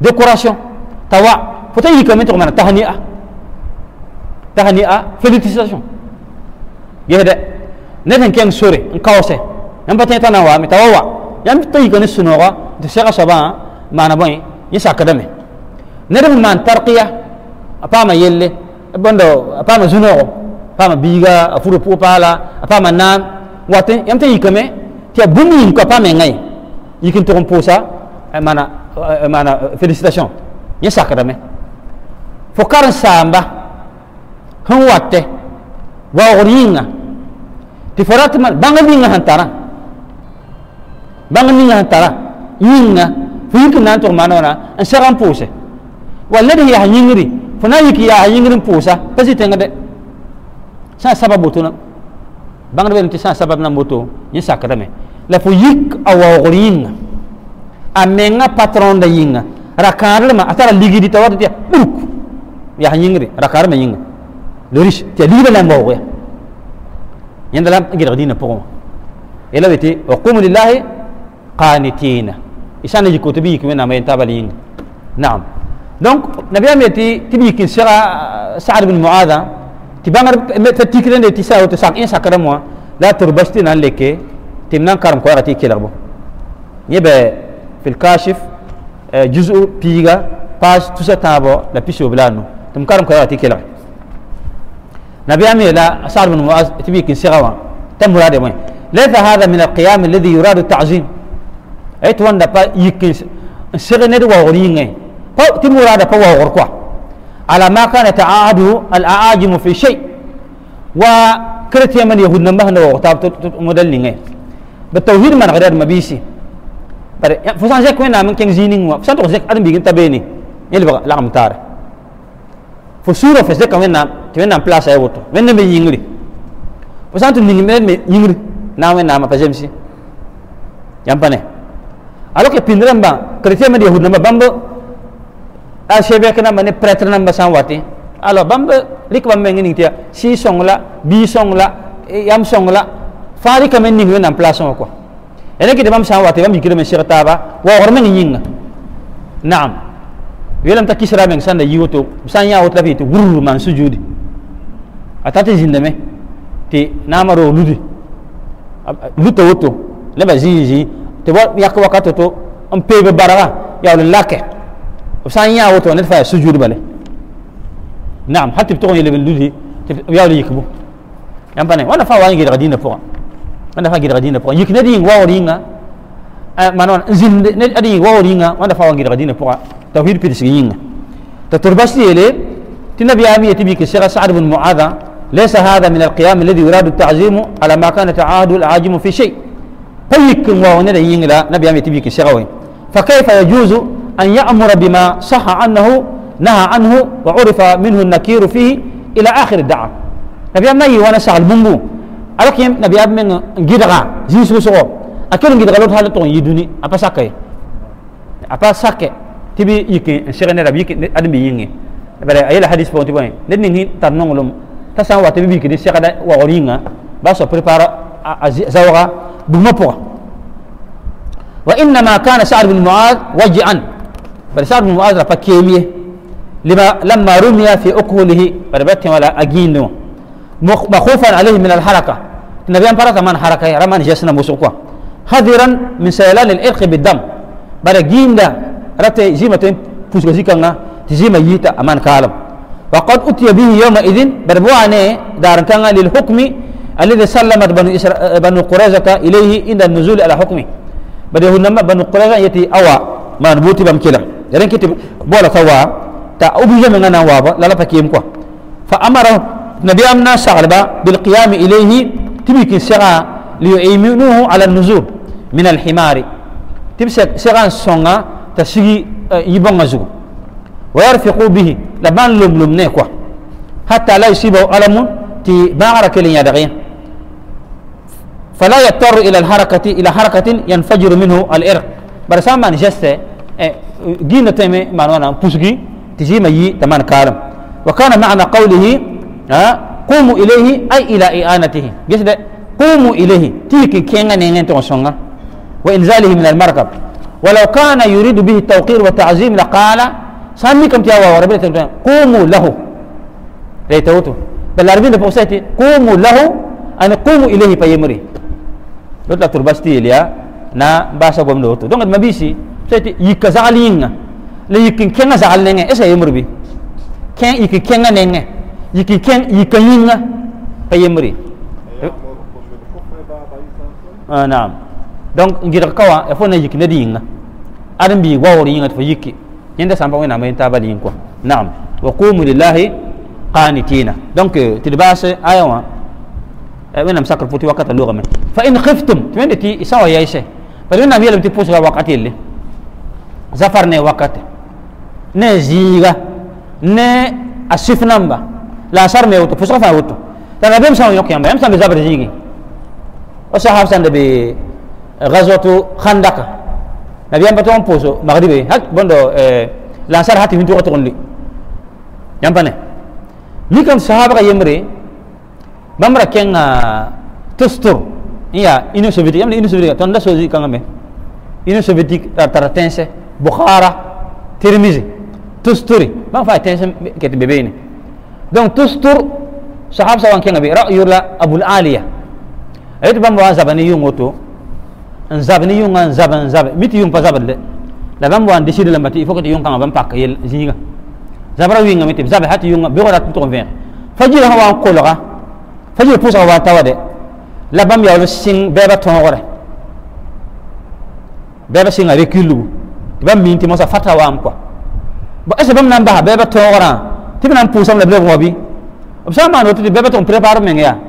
A: décoration tawa فتاي كمان تقول أنا تهنئة تهنئة فيلتيسيشن يهدا نحن كان سوري نكاوسه نم بتاي تناوا متوا يم تاي كان سنوا تسيغا سبا ما نبوي يسا كدمه ندم من أبا ما يلي بندو ما بيجا أفرو بيغا بالا أبا ما نام واتن يم تاي كمان تيا بني أبا ما نغاي يمكن تغم بوسا أمانا أمانا فيليسيتاسيون يس أكاديمي fukar samba hun watte wa uringa ti forat man bangal ninga hantara bangal ninga hantara yinga fuyik nan to manona an sharam pousa, walladhi ya yingri funa yiki ya yingri pusa pasi tenga de sa sababu tuna bangal ben ti sa sabab na moto yin sakrame la fuyik awa uringa amenga patron da yinga rakarle ma atara ligidi ya burku يا هنجري ركار ما ينجر لوريش تجيب لهم بوعه يندلهم غير دينه بقوم إلا بيتي وقوم لله قانتين إيشان يجي كتبي يكمل نعم ينتابع لين نعم دونك نبيا ميتي تبي يكين سعى سعد بن معاذ تبان رب تتكلم لتسعة وتسعة إن إيه سكرموا لا تربشتين عن لك تمنان كرم قارتي كلامه يبى في الكاشف آه، جزء بيجا باش تسعة تابو لبيشوا بلانو تم كرم كذا تيكلا نبي أمي لا أسعد من مؤاز تبي كن سغوا تم هذا وين ليس هذا من القيام الذي يراد التعظيم أي توان دا يكين يكن سغني دو وغرين تم هذا فو وغرقوا على ما كان يتعاهد الأعاجم في شيء وكرت من يهود نمبه نو وغتاب مدلين أي بالتوحيد من غير مبيسي فسان زيك وين نامن كن زينين وفسان تغزيك أدم بيجن تبيني يلبغ لعم تاره fosuro fese fe seka wẽnnaam tɩ wẽnnaam place a woto wẽnnaam me yingri fo sã n tɩ me yingri na n wẽnnaamã pa zemsi yampane alo ke alors que kretia me chrétien namba bambo a shebe archevêque nãmba ne prêtre nãmba sã n watɩ bambo bãmb rɩk bãmb meng ning songla ya songla sõng la bii sõng la yãmb naam ويلم تكيس رابين سند يوتو بسان يا أوت لفيت غرور من سجودي أتاتي زندمة تي نامرو لودي لوتو أوتو لبا زي زي تي بوا ياك وقت أوتو أم بيب بارا يا ولد لاكه بسان يا أوتو نتفا سجود بله نعم حتى بتوعي اللي باللودي تي يا ولد يكبو يا بني وأنا فاوان غير غدينا فوق أنا فاوان غير غدينا فوق يكندين واورينا manon zĩnd ned ad yĩng waoor yĩnga wãnda fa wa gɩdga dĩnã pʋga tawhid pidsg yĩnga t'a tʋr bas tɩ yeele tɩ nabiyaam yetɩ bɩ kɩsga sad bn moada ليس هذا من القيام الذي يراد التعزيم على ما كان تعاهد العاجم في شيء قيك وهنا ينلا نبي أمي تبيك شغوي فكيف يجوز أن يأمر بما صح عنه نهى عنه وعرف منه النكير فيه إلى آخر الدعوة نبي أمي وأنا سهل بمبو ألك نبي أمي جدغا زيسو سغو akelo ngi dagalo hal ton yiduni apa sakai apa sakai tibi yike shere ne rabi yike admi yinge bare ayela hadis pon tibi ne ni tan nonglum ta san wata bibi kidi shere da wa oringa ba so prepare zawra buma po wa inna ma kana sa'd bin mu'adh waj'an bare sa'd bin mu'adh rafa kemiye لما لما رمي في أكهله بربت ولا أجينه مخوفا عليه من الحركة النبي أمبارك من حركة رمان جسنا مسوقا حذرا من سيلان الإرخ بالدم بل جيم دا رتي جيمة بوسكا زيكا جيمة يتا أمان كالم وقد أتي به يومئذ بربواني دارن كان للحكم الذي سلمت بنو إسر... بنو قريزة إليه عند النزول على حكمه بل هنما بنو قريزة يتي أوى ما نبوتي بمكلا يعني كتب بولا توا تا أبوجا من أنا وابا لا لا فكيم كوا فأمره نبي أمنا سغلبا بالقيام إليه تبيكي سعى ليؤمنوه على النزول من الحمار تمسك سيغان سونغا تسيغي آه، يبون غزو ويرفقوا به لبان لوم لوم نيكوا حتى لا يصيبه ألم تي بارك يدغين فلا يضطر إلى الحركة إلى حركة ينفجر منه الإرق برسام من جسته آه، جينا تيمي مانوانا نعم، بوسجي تجي مي تمان كارم وكان معنى قوله آه، قوموا إليه أي إلى إعانته جسد قوموا إليه تيكي كينا نينين تغسونا وإنزاله من المركب ولو كان يريد به التوقير والتعظيم لقال ساميكم تياوا وربنا قوموا له ريتوتو بل العربين بوساتي قوموا له أن قوموا إليه فيمري لوتلا تربستي ليا نا باسا قوم لوتو دونك ما بيسي سيتي يكزالين لا يكن كينا زعلنا إسا يمر بي كين يكن كينا نينا يكن كين يكن ينا Eh, naam donc ngir kawa e fo na yik na dinga adam bi wawr yinga fo yiki yanda samba wena mai ta bali ko naam wa qumu lillahi qanitina donc eh, tilbase ayawa e eh, wena msakr futi wakata lugha men fa in khiftum tumende ti isawa yaise bal mi yelam ti pusa wakati le zafar ne wakati ne ziga ne asif namba la sar me wuto pusa fa wuto ta rabem sa yok yamba sa be zabar zigi وصحاب سند غزوة خندق نبي أم بتوم بوسو مغربي هك بندو آه، لانسار هاتي هندو قطعون لي يمبنى لكم صحابة يمري بمرا كان تستر يا إنو سوفيتيك يمني إنو سوفيتيك تندا سوزي كان مي إنو سوفيتيك ترتنسة بخارة ترمزي تستوري ما فاي تنسة كتبيني دونك تستر صحاب سواء كان بي رأي أبو العالية ayit bãmb wa n zaba ne yʋng woto n zab ne yʋngã n zab n zab mi tɩ yʋng pa zabd le la bãmb wa n desɩd lame tɩ il faut que tɩ yʋng-kãngã bãmb pak yel zĩiga zabrã wɩngame tɩ b zabe hat yʋngã begda tɩ tʋg n vẽeg fa jira sã wa n kolga fa jir pʋʋsga wa n ta wa de la bãmb yaool sɩng bɛɛbã tõogre bɛɛbã sɩnga rek yullugu tɩ bãmb min tɩ mosa fata waam kɔa bõ est ce bãmb na n basa bɛɛbã tõogrã tɩ b na n pʋʋsame la b lebg wa bɩ b sã n maan woto tɩ bɛɛbã tʋg n prépare meng yaa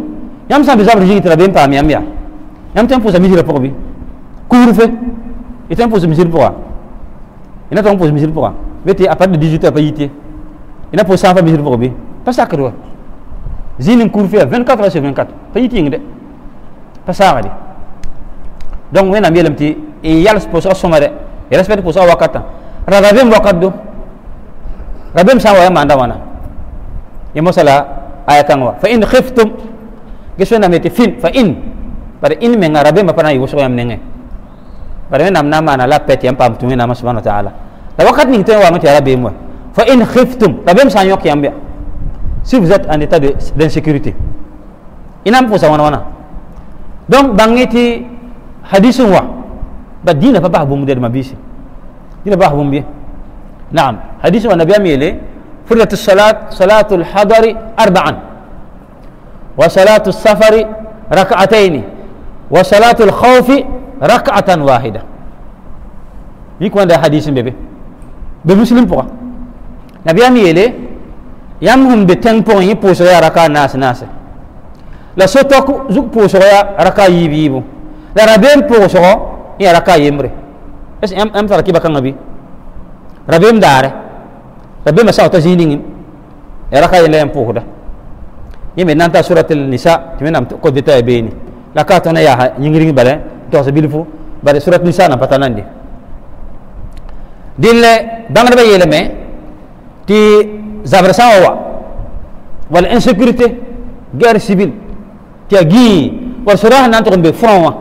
A: yam san bisa berjigi tra ben pam yam ya yam tem pusa misir pokobi bi couvre feu et misir pour ina tong pusa misir pour beti apa de 18 heures pas yité il fa misir pokobi bi pas zinin couvre feu 24 heures sur 24 pa yiti ngde pas ça ngade donc wena mi ti e yal pousa somare e respect pousa wakata radabem wakaddo rabem sa wa manda wana yemo sala ayatan wa fa in khiftum geso na mete fin fa in bare in me ngarabe ma pana yuso yam nenge bare nam na mana la pet yam pam tumi nama subhanahu wa ta'ala la wakat ni te wa ma tiara be mo fa in khiftum la bem san yok yam be si vous êtes en état d'insécurité inam fo sawana wana donc bangeti hadisun wa ba dina fa bah bum der mabisi dina bah bum bi نعم حديث النبي أميلي فرضت الصلاة صلاة الحضر أربعا وصلاة السفر ركعتين وصلاة الخوف ركعة واحدة يكون ده حديث بيبي بمسلم بقى نبي أمي يلي يمهم بتن بون يبوسوا يا ركع ناس ناس لا سوتوك زوك بوسوا يا ركع يبيبو لا ربين بوسوا يا ركع يمر بس ام ام تركي بكر نبي ربين داره ربين مساو تزينين يا ركع يلي يمبوه ده yeme nanta suratul nisa timen am ko detail beni la ka tana ya nyingiri bale to sa bilfu bare surat nisa na patanandi dille dangar ba yeleme ti zavrasa wa wal insecurity guerre civile ti agi wal surah nanta ko be front wa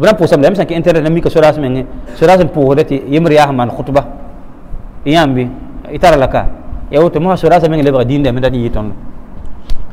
A: bra po sam dem ki internet mi ko surah men surah pour reti yimri ya man khutba iyambi itara laka yawto mo surah men lebra dinde men dani yiton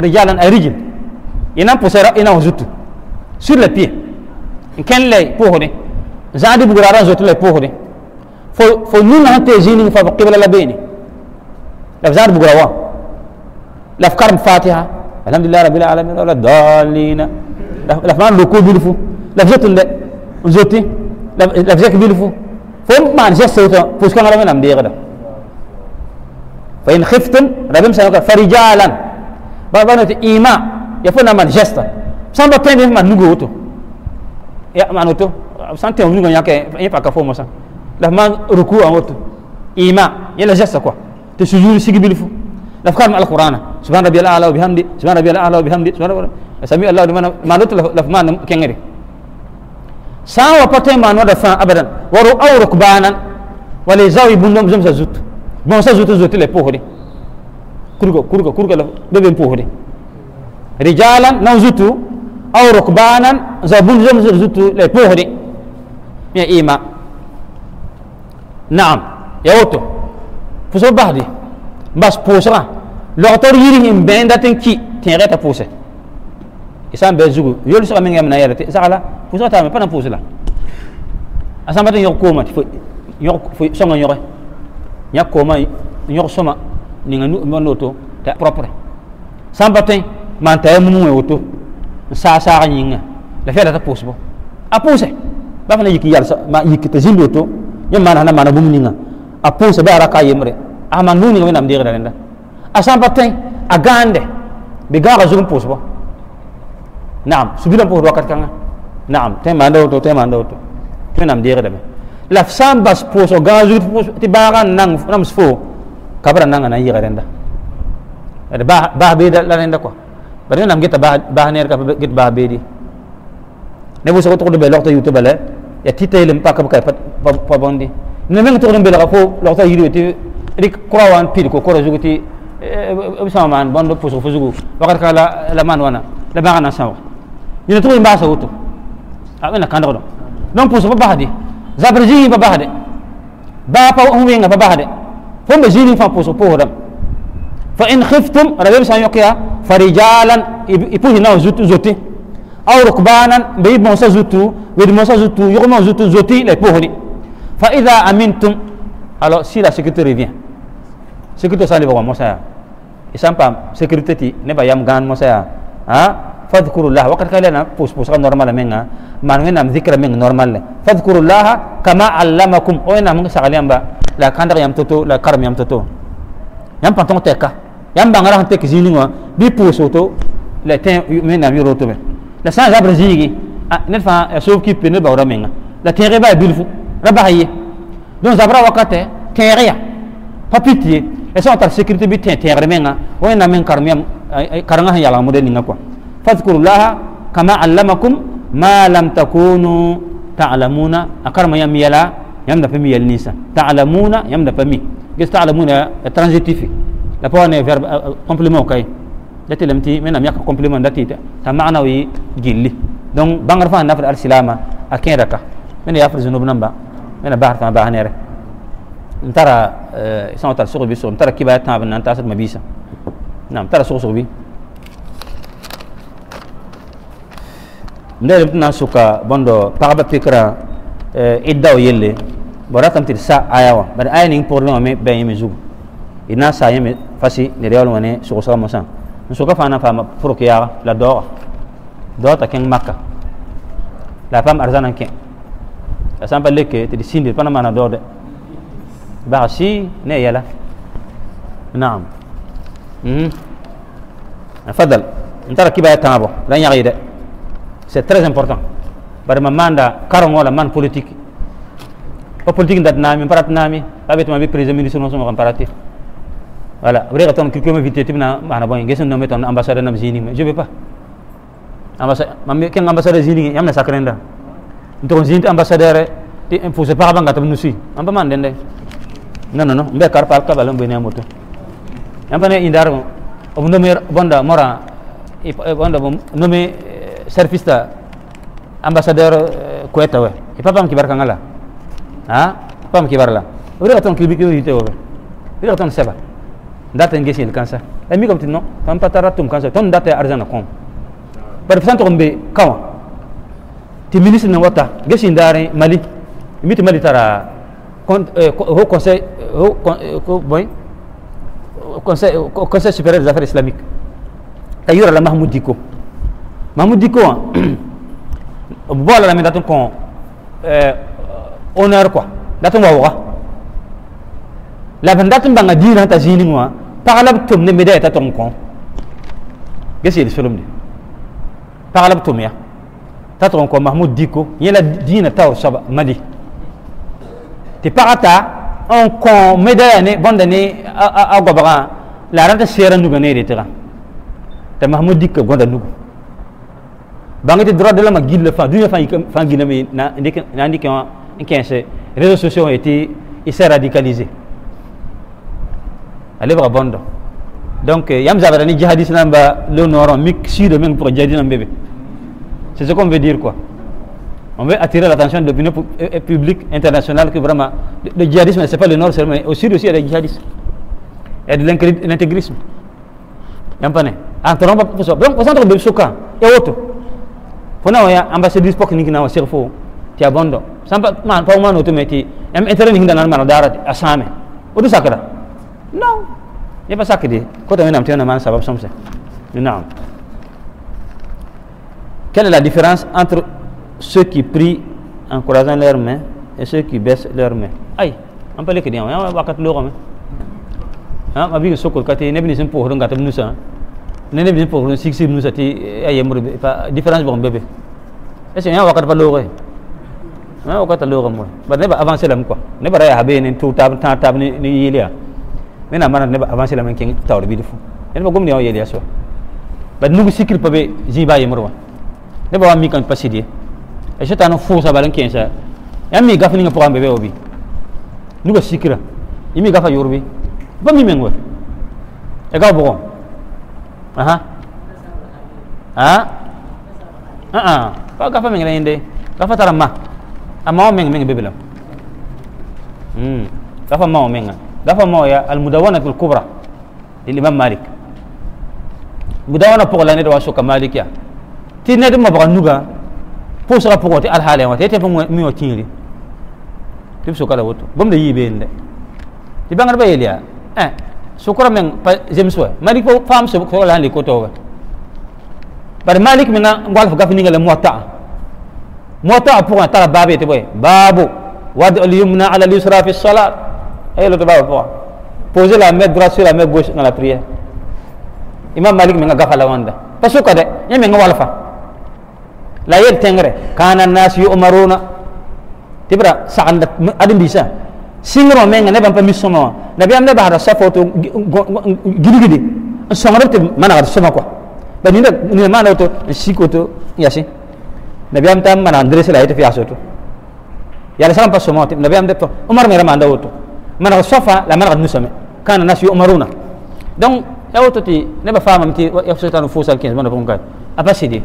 A: رجالا أي رجل ينام بسرعة ينام زوتو sur les ان كان لي بوهني زادي بقرارا زوتو لي بوهني فو فو نون نونا تيزيني فبقبل لبيني لفزاد بقراوا لفكار فاتحة الحمد لله رب العالمين ولا الضالين لفمان لكو زوتو لفزت زوتي لفزك بيلفو فو ما نجس سوتو فوسكان رمي نام ديغدا فإن خفتم ربهم سنوكا فرجالا babano ti ima ya fo na man gesta san ba tende man nugo to ya man to san te nugo nyake ya pa ka fo mo san la man ruku an woto ima ya la gesta quoi te sujud sigi bilfu la fakar al qur'ana subhan rabbiyal a'la wa bihamdi subhan rabbiyal a'la wa bihamdi subhan rabbiyal sami allah liman man to la man kengere san wa pate man wa da san abadan waru awruk banan wa li zawi bundum zumsa zut bon sa zut zut le pohri kurgo kurgo kurga la do ben puhude rijalan naw zutu aw rukbanan zabun zam zutu le puhude ya ima naam ya woto fuso bahdi bas pusra lortor yiri him ben daten ki tere ta puse isan be zugu yol so amen ngamna yele te sala puso ta me pana pusla asamba ten fo yok fo songa soma ninga no to ta propre samba tin man ta mu mu woto sa sa nyinga la da ta bo. a pousse ba fa yiki yar ma yiki ta jindo to nyam man na man bu ninga a pousse ba raka yemre a man nu ninga wenam de gara dalenda a samba a gande be gara zum bo naam subira pour wakat kanga naam te man do to te man do to wenam de dalenda la samba poso gazu pousse ti bara nang nam sfo kabra nanga na yi garenda ada ba be da la renda ko bari nam gita ba ba ner ka git be di ne bu so to be lokta youtube le ya titay mpa ka kay pa bondi ne meng to be la ko lokto yiru ti rik krawan pir ko ko juguti saman bondo pusu fuzugu wakat ka la man wana la sa sawa ni to imba sa wutu amena kando do non pusu ba di zabrji ba bahde ba pa umwe nga ba bahde هم جيني فابوسو بورم فإن خفتم ربيب سان يقيا فرجالا يبوه ناو زوتي زوتي أو ركبانا بيب موسى زوتو ويد موسى زوتو يغمو زوتو زوتي لبوهني فإذا أمنتم على si la sécurité revient sécurité sani bawa mosa ya isampa sécurité ti ne ba yam gan mosa fadhkurullah wakat kale na puspus ka normal menga man ngena zikra menga normal fadhkurullah kama allamakum o oh, ya na mungkin sakali amba ya, la kandar yam toto la karam yam toto yam pantong teka yam bangara han tek zini bi pusu la ten mena mi roto la san zabra zigi ah, net fa ya, sof ki pene bawra menga la tere ba bilfu raba haye don zabra wakate tere ya papiti, et ta on sécurité bi tere menga o na men karam yam eh, eh, karanga han yala de quoi فاذكروا الله كما علمكم ما لم تكونوا تعلمون أكرم يم يلا يم فمي النساء تعلمون يم فمي قلت تعلمون ترانزيتيفي لا بون فيرب أه، أه، كومبليمون كاي داتي لمتي من ام يك كومبليمون داتي تا معنوي جيلي دونك بانغ فان نافر السلامة أكين ركا من يافر ذنوب نمبا من بحر فان بحنيره نترى سنة أه، ترى سوق بيسوق نترى كيف تابنا نتاسد مبيسا نعم ترى سوق سوق بي nder tɩna n sʋka bõndo pagba pɩkra idda o yelle bo ratame tɩ d sa aya wã bara aya ning pʋgrẽ wã me bɩa yẽme zugu d na n saa yẽme fasɩ ned yaool wã ne sʋgsga mosã n sʋka fãa na n paama pʋrk yaaga la daooga daoog t'a kẽng maka la a paam arzãna n kẽ la sã n pa leke tɩ d sĩndi d pa na maana daoogdɛ baga sɩ ne a yɛla naam tfadal n tara kibaya tãabo la n yag yɩ dɛ C'est très important. Bari ma manda la man politique. O politique ndat nami parat nami abet ma bi président ministre non sama comparatif. Voilà, vrai que ton quelqu'un m'invite tibna mana bon ngesen nommé ton ambassadeur nam zini je veux pas. Ambassadeur mam ken ambassadeur zini yamna sakrenda. Nton zini ambassadeur e, ti infuse para banga tam nusi. Amba man dende. Non non non, mbe kar par ka balon bene ya moto. Yamba ne indar o nommé bonda mora eh, bonda nommé service ta ambassadeur eh, kueta we e papa mkibar kanga la ha papa mkibar la uri katon kibi kibi yite we uri katon seba ndate ngesi il kansa e mi komti non tan patara tum kansa ton date arzana kom par fisanto kombe kawa ti ministre na wata ngesi ndare mali imiti mali tara eh, haut conseil eh, haut Conseil au conseil supérieur des affaires islamiques tayura la mahmoud Mamoudi dikko hein? voilà la mi qu'on kon honneur quoi datun wa la ban datun banga dina ta jini wa parlab tum ne medaya ta ton kon gesi el solum ni parlab tum ya ta ton kon mahmoud dikko yela dina taw shaba mali ti parata on kon medaya ne bonda ne a, a, a la rente sera nuga ne retira ta mahmoud Diko gonda bangete droit de l'homme guide le fan fait fan guide mais n'indiquant les réseaux sociaux ont été ils s'est radicalisé allez voir bande donc euh, yam zabarani djihadiste namba le noir mixu de même pour djihadiste bébé c'est ce qu'on veut dire quoi on veut attirer l'attention de l'opinion euh, publique internationale que vraiment le djihadisme c'est pas le nord seulement au sud aussi il y a des djihadistes et de l'intégrisme yam pas né donc on s'entre de souka et autres fona waya ambassadeur spok ni ti abondo sampa man pa man oto meti em etere ni hinda nan mara darat asame odu sakara no ye pa sakidi ko to menam tena man sabab somse naam quelle est la différence entre ceux qui prient en croisant leurs mains et ceux qui baissent leurs mains ay am pa lekidi am wakat lo ko me am abi sokol kati nebni sen po hodo ngatam nusa nene bi pour six sim nous ati ayem mur pa différence bon bébé est ce ya wakata pa logo na wakata logo mo ba ne ba avancer lam quoi ne ba ya habe ne tout tab tab tab ni ni yelia ne na mana ne ba avancer lam ken tawr bi defu eh, ne ba ni o yelia so ba nu sikir pa be ji ba wa ne ba mi kan t'en fous ça fusa balan kensa ya mi gafni nga pour bébé obi nu ga sikira imi gafa yorbi ba mi mengwe e eh, ga bo aha ha ah ah ka fa mengre inde ka fa tarama amma o meng meng biblam mm ka fa ma o menga ka fa ma ya al mudawana al kubra lil imam malik mudawana pokola ne do waso ka malik ya ti ne dum ba nuga po sura pokoti al halen wa te te mi o tinri tibso kala woto bom de yibe inde ti bangar ba yelia eh sukura men pa zemswa malik fo fam so ko la ko to par malik men ngwal fo gafni ngala muwatta muwatta pour ta babe te boy babu wad al yumna ala al yusra fi salat ay lo to babu po poser la main droite sur la main gauche dans la prière imam malik men gafala wanda pa suka de nyame ngwal fa la yel tengre kana nas yu'maruna tibra sa'an adim bisa sɩngrõ menga nebã pa mi sõma wã nabiyaam ne basda safo tɩ gidgdi n sõngd tɩ manegd sõma kɔa ba nina nina maana woto n sik woto n yasẽ nabiyaam t'a maneg n dresla yetɩ f yaas woto yala sãg n pa sõma tɩ nabiyaam de tɔ omar me ra maanda woto manegd sɔfa la manegd nusame kana nas yumaruna donc ya woto tɩ nebã faamam tɩ ya sotan fʋʋsal kẽes bõna pʋgẽ kae a pa sɩde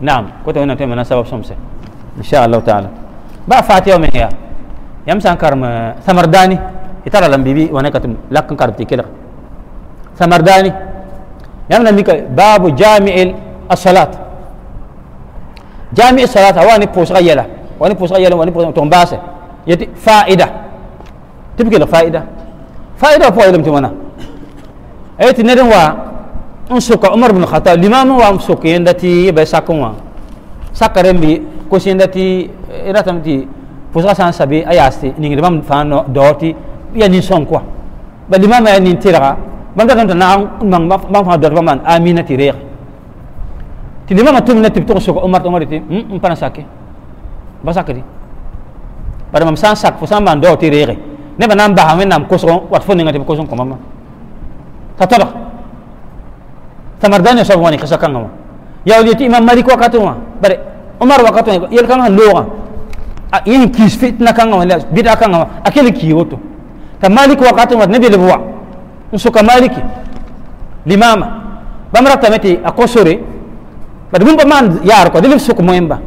A: naam kota wẽnnaam tɩ mana sabab sõmse inchallahu taala ba a faat yao meng yaa يمسان كرم ثمرداني يترى وانا ونكتم لكن كربتي كلا ثمرداني يمنا ميك باب جامع الصلاة جامع الصلاة واني بوس غيلا واني بوس غيلا واني بوس تومباسة يتي فائدة تبقى فائدة فائدة فو علم تمنا ايتي ندنوا انسوك عمر بن الخطاب الامام هو انسوك يندتي بساكم ساكرم بي كوسي يندتي posa san sabi aya ni ngirimam fano doti ya ni son kwa bali mama ya ni tiraga bam da tan na mang fa dot man amina tirir ti de mama tum na tip to so ko umar umar ti um pana sake basakri pada mam san sak posa man doti rere ne ba nam ba ha nam koso wat fo ko mama ta to tamardane so woni kisa ya wali ti imam malik wakatuma bare umar wakatuma yel kanga loga Ah, yin kis fitna kan wala bid'a kan akele kiyoto ta malik wakati wa nabi lewa nsuka maliki limama bamrata meti akosore bad bumba man yar ko dilif suku moyemba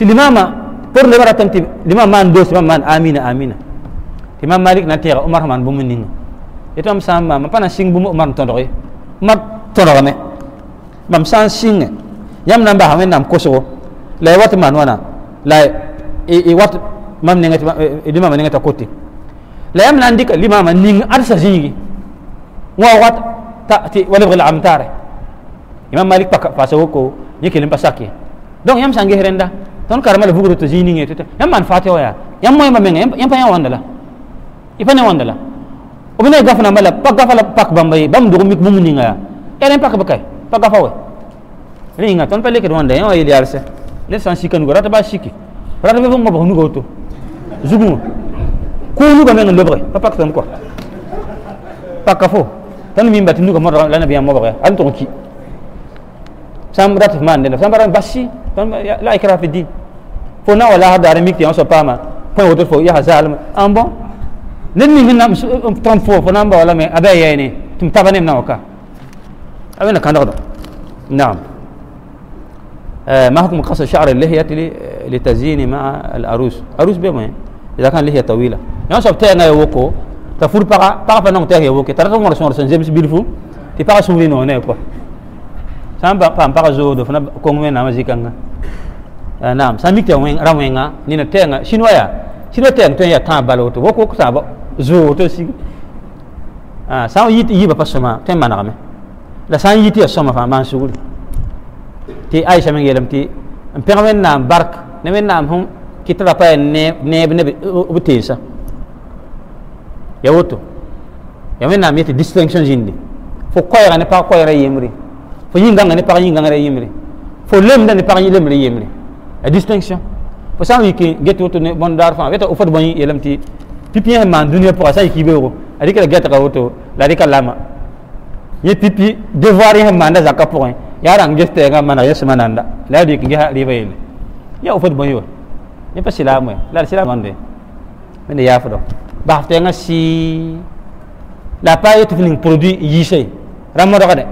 A: ti limama por le baratam limama man dos limama man amina amina ti mam malik umar man bumu ninga itu am sama ma pana sing bumu umar tondore umar tondore me mam san sing yam namba hamen nam kosoro, lewat wat man wana lay wat mam nengat lima man nengat kote la yam nan dik lima man ning arsa zingi wa wat ta ti wala bal amtare imam malik pak pasa ko yikelin pasaki donc yam sangi herenda ton karma la bugro to zini ngeto yam man fati oya yam moy ma menga yam pa yam wandala ipane wandala obne gafna mala pak gafala pak bambay bam dugum mik mum ninga elen pak bakay pak gafawe ringa ton pelike wanda yam ayli arsa le san sikanu rata ba sikki rana fe ngobok nuga oto zuguma ko nuga menga lobre papa ko tan quoi paka fo tan mi mbati nuga modra lana biya mobre an to ki sam rat man den sam baran bashi tan la ikra fi din fo na wala hada ara mikti on so pama point oto fo ya hasalma an bon len mi hinna tan fo fo namba wala me abaye ne tum tabane na waka awena kanda ko نعم آه، ما حكم قص شعر اللحية لتزيين مع العروس عروس بما يعني. إذا كان لحية طويلة يوم سبتين يوكو تفور بقى بقى فنان تاه يوكو ترى تمر سمر سنجيمس بيلفو تبقى سوين هنا يكو سام بقى بقى بقى زود فنا كم وين نام زيكنا آه، نعم سام ميت وين رام وينا نين تاه شنوايا شنو تاه تاه يا تام بالوتو وكو كسابو زود تسي آه سام يت يبقى بسمع تام ما نعمه لا سام يت يسمع فما نسول ti aisha men yelam ti n pẽg wẽnnaam bark ne wẽnnaam sẽn hum, kɩt ra pa yaa neeb ne b teesa ya woto ya wẽnnaam distinction zĩndi fo koɛɛga ne pag koɛɛgrã yemri fo yĩngãngã ne pag yĩngãngrã yemri fo lemda ne pag lemdã yembre a distinction fo sã n yiki get woto ne bõn-daar fãa weta fod bõe yeelame tɩ pipi sẽn maan dũniyã pʋga sã n yik yibeoogo a dɩka la gɛtga woto la dɩka lama yẽ pipi devoir sẽn maanda zakã pʋgẽ yaran gesta ya mana ya semana mananda la di kinga li bayil ya ufud boyo ni ya pa silamu ya. la silam mande men ya fudo ba yang nga si la pa yetu finin produit yishay rammo do kade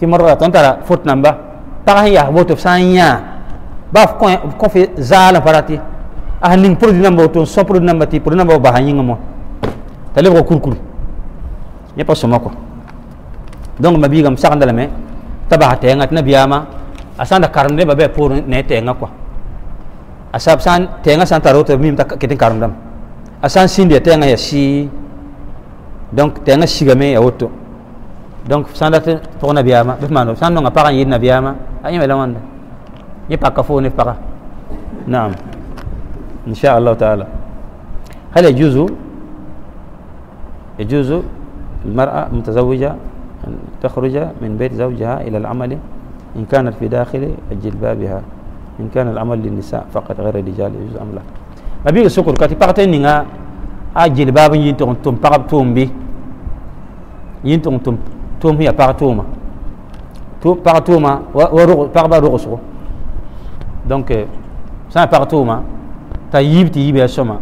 A: ti marra ton tara fut namba ta ya boto sanya ba ko ko fe zala parati ah ning produit namba to so produit namba ti produit namba ba hanyi ngamo talib ko kurkur ni ya pa soma ko donc mabigam me taba tenga tina biyama asanda karmde babe pur ne tenga kwa asab san tenga san taroto mim ta kitin karmdam asan sindi tenga ya si donc tenga sigame ya woto donc sanda te tona biyama be mano san no ngapa kan yidna biyama ayi mela wanda ye pakka fo ne pakka na'am ان شاء الله تعالى هل يجوز يجوز المرأة متزوجة أن تخرج من بيت زوجها إلى العمل إن كانت في داخل جلبابها إن كان العمل للنساء فقط غير الرجال يجوز أم لا ما بيجي سكر كاتي بقتي نينا أجل باب ينتم توم بقب توم بي ينتم توم توم هي بقى توما توم بقى توما ورغ بقى رغسو donc sã n pag tʋʋma t'a yiib tɩ yiibya sõma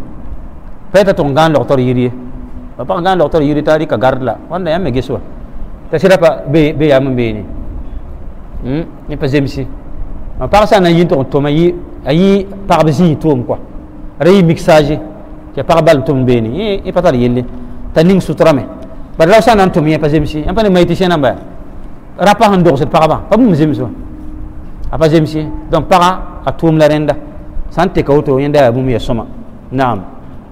A: pa t'a tʋg غان gãan logtr yir ye pa pag gãan logtr yir ye t'a rɩka gard tasirapa be be ya mun beni hmm ni pa zemsi ma par sa na yin to ma yi ayi par bisi to quoi rayi mixage ke par bal to beni e yelle taning sutrame bar law sa nan to mi pa zemsi en pa ne mayti chena ba rapa han se par ba pa mun zemso a pa zemsi donc para a la renda sante ka yenda bu mi soma naam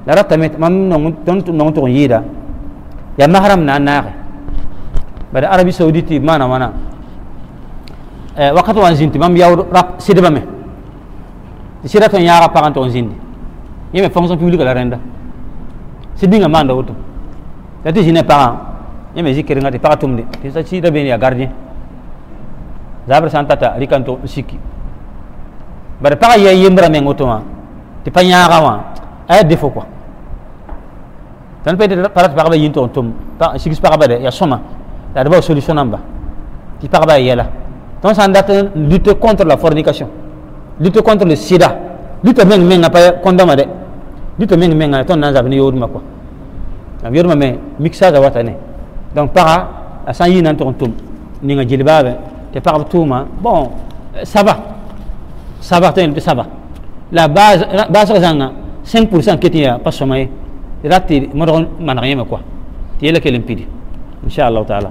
A: la ratamet mam non non to yida ya mahram na naare bada arabi sauditi mana mana eh, wakati wan zinti mam yaw rap sidaba me sira ton yara pagan on zindi yeme fonction publique la renda sidinga manda wuto tati jine pagan yeme zikere ngati para de ti sa ci rebe ya gardien zabre santata rikanto siki bada paga ye yembra me ma ti panyara wa ay defo ko tan peut être parat ba yinto tum pa para pagaba de ya soma la d'abord solution en bas qui parle bas là donc ça date lutte contre la fornication lutte contre le sida lutte même même n'a pas condamné lutte même même n'a ton n'a jamais eu quoi la même, de mais mixage à watane donc para à sans y n'entend tout ni nga jilba ben, te par tout hein. bon euh, ça va ça va ça va la base la base 5% qui est pas sommeil raté moi man rien quoi tu es là qu'elle impide Inch'Allah, taala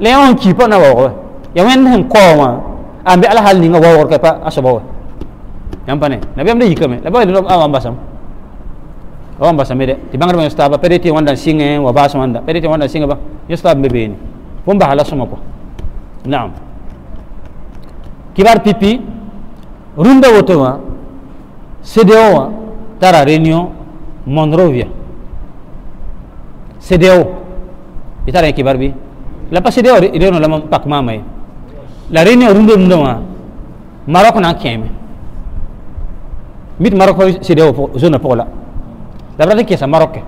A: le on ki pa na wawo ya wen hen ko ma ambe ala hal ni nga wawo ka pa asaba wa yam pane na be am de yikame la ba do am basam o am basam de ti bangar ma yosta ba pere wanda singe wa ba so wanda wanda singe ba yosta be be ni bon ba hala suma ko naam kibar pipi runda woto wa CDO wa tara réunion Monrovia CDO itara kibar bi La deo y lama pak ma ye la reno rundo Maroc wa Maroc na keme mit Maroc, là zone là. la kesa Maroc.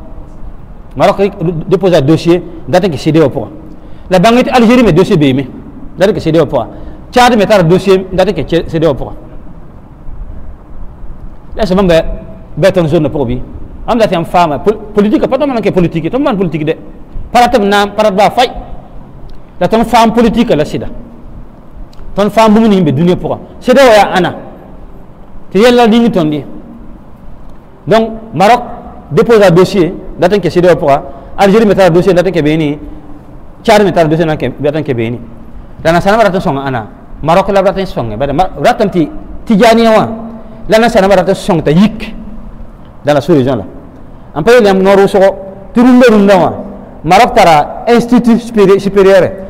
A: Maroc dépose un dossier date que cédé au la banque algérie mais dossier bimé date que cédé au tchad met dossier date que cédé au Là, là c'est même béton zone pour bi am femme politique pas politique tout politique de paratem la ton femme politika la sida ton femme bu ning be dũniyã pʋgã sɩda wa ana te yalla di ni ton di donc marok un dossier da ton ke sida wã pʋga algérie met un dossier dat ton ke beni cad met un dossier dat ton ke beene la nansãnamã rat n sõng ãna marok la b rat n sõnge bad ratame tɩ tijaaniyã wa la nansãnamã rat n t'a yik dans la solution région la n pa yel yãmb noor wʋsgo tɩ rũndã rũndã wã marok tara institut supérieur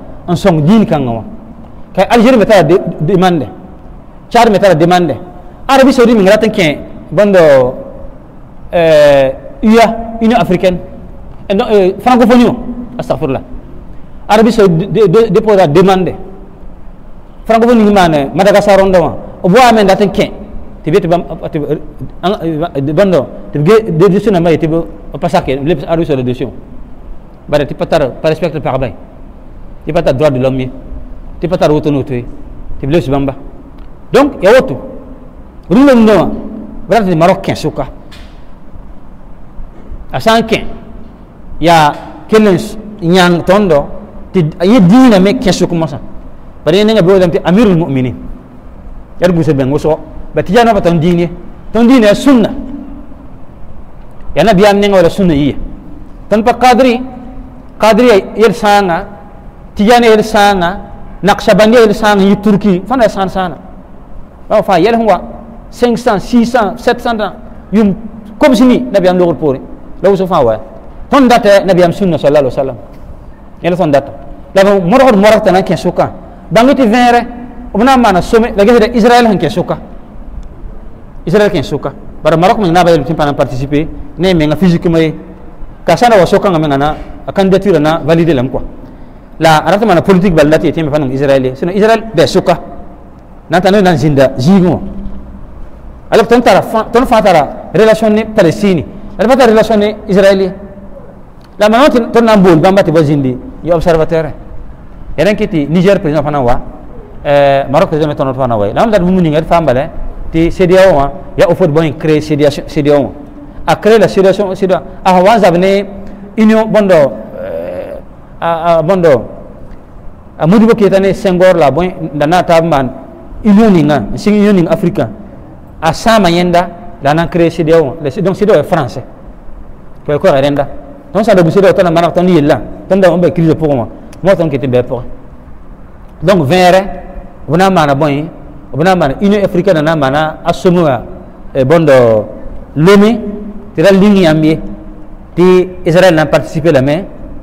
A: Ensemble, demandé. algérie demande Tchad demandé. demande arabie demandé. a demandé. africaine francophonie wã astagfirullah arabie saoudi de demande francophonie demandé. madagascar demande. demandé. le waa demandé. demandé. arabie ti pata droit de l'homme ti pata rotonoto ye ti bleu bamba donc ya wotu rulo no baratati marok marocain suka asan ya kenen nyang tondo ti ye dina me kin ko sa bari ne nga bodam ti amirul mu'minin yar gusa ben woso ba ti jana patan dini ton dini ya sunna ya nabi am ne nga wala sunna yi iya. tan pa qadri qadri yar sanga tiyane el sanga naqshbandi el sanga yi turki fana san ya sana wa oh, fa yel huwa 500 600 700 yum comme ni nabi am logor pore law so fa wa ton date nabi am sunna sallallahu alaihi wasallam yel son date la ba moror moror tan ke suka bangiti vere obna mana somme la gese israel han ke suka israel ke suka bara marok mi na ba yel timpana participer ne me nga physique me kasana wa soka nga me na candidature na valider lam quoi la arata mana politique ballati teme fanung israeli sino israel be suka nanta no nan zinda jigo alors ton tara ton fatara relation ni palestini ala fatara relation ni israeli la mana ton nan bol bambati bozindi yo observateur eren kiti niger président fanan wa eh maroc président ton fanan wa la mdad mumuni ngal fambale ti cdao wa ya ofot bon créer cdao cdao a créer la situation cdao a hawa zabne union bondo a bon sengor la bon na tabman union une union ning africain yenda créé donc est français Pourquoi renda donc ça de tana yella on be crise pour moi moi pour donc vere mana bon a mana union africaine na mana e bondo lome tira lingi amie ti israël n'a participé la main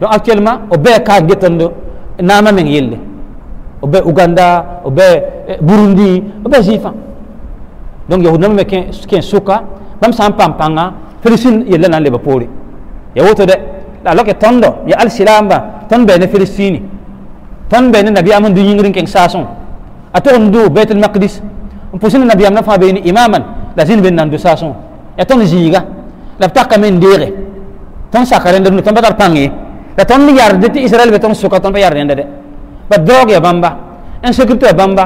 A: donc actuellement o bee kaa getando naama meŋ yelle o bee uganda o bee burundi o bee zifan donc yahud nama me ken suka bam san pampanga filistin yelle nan leba poore ya woto de alors que tondo ya al silamba ton bene filistini ton bene nabi aman du yingrin ken sason aton du betel makdis. on posina nabi amna fa bene imaman lazin ben nan sason ya ton ziga, la taka men dere ton sakaren ton batar pangé beton mi di israel beton sukaton pa nende de. Bat drog ya bamba insecurity ya bamba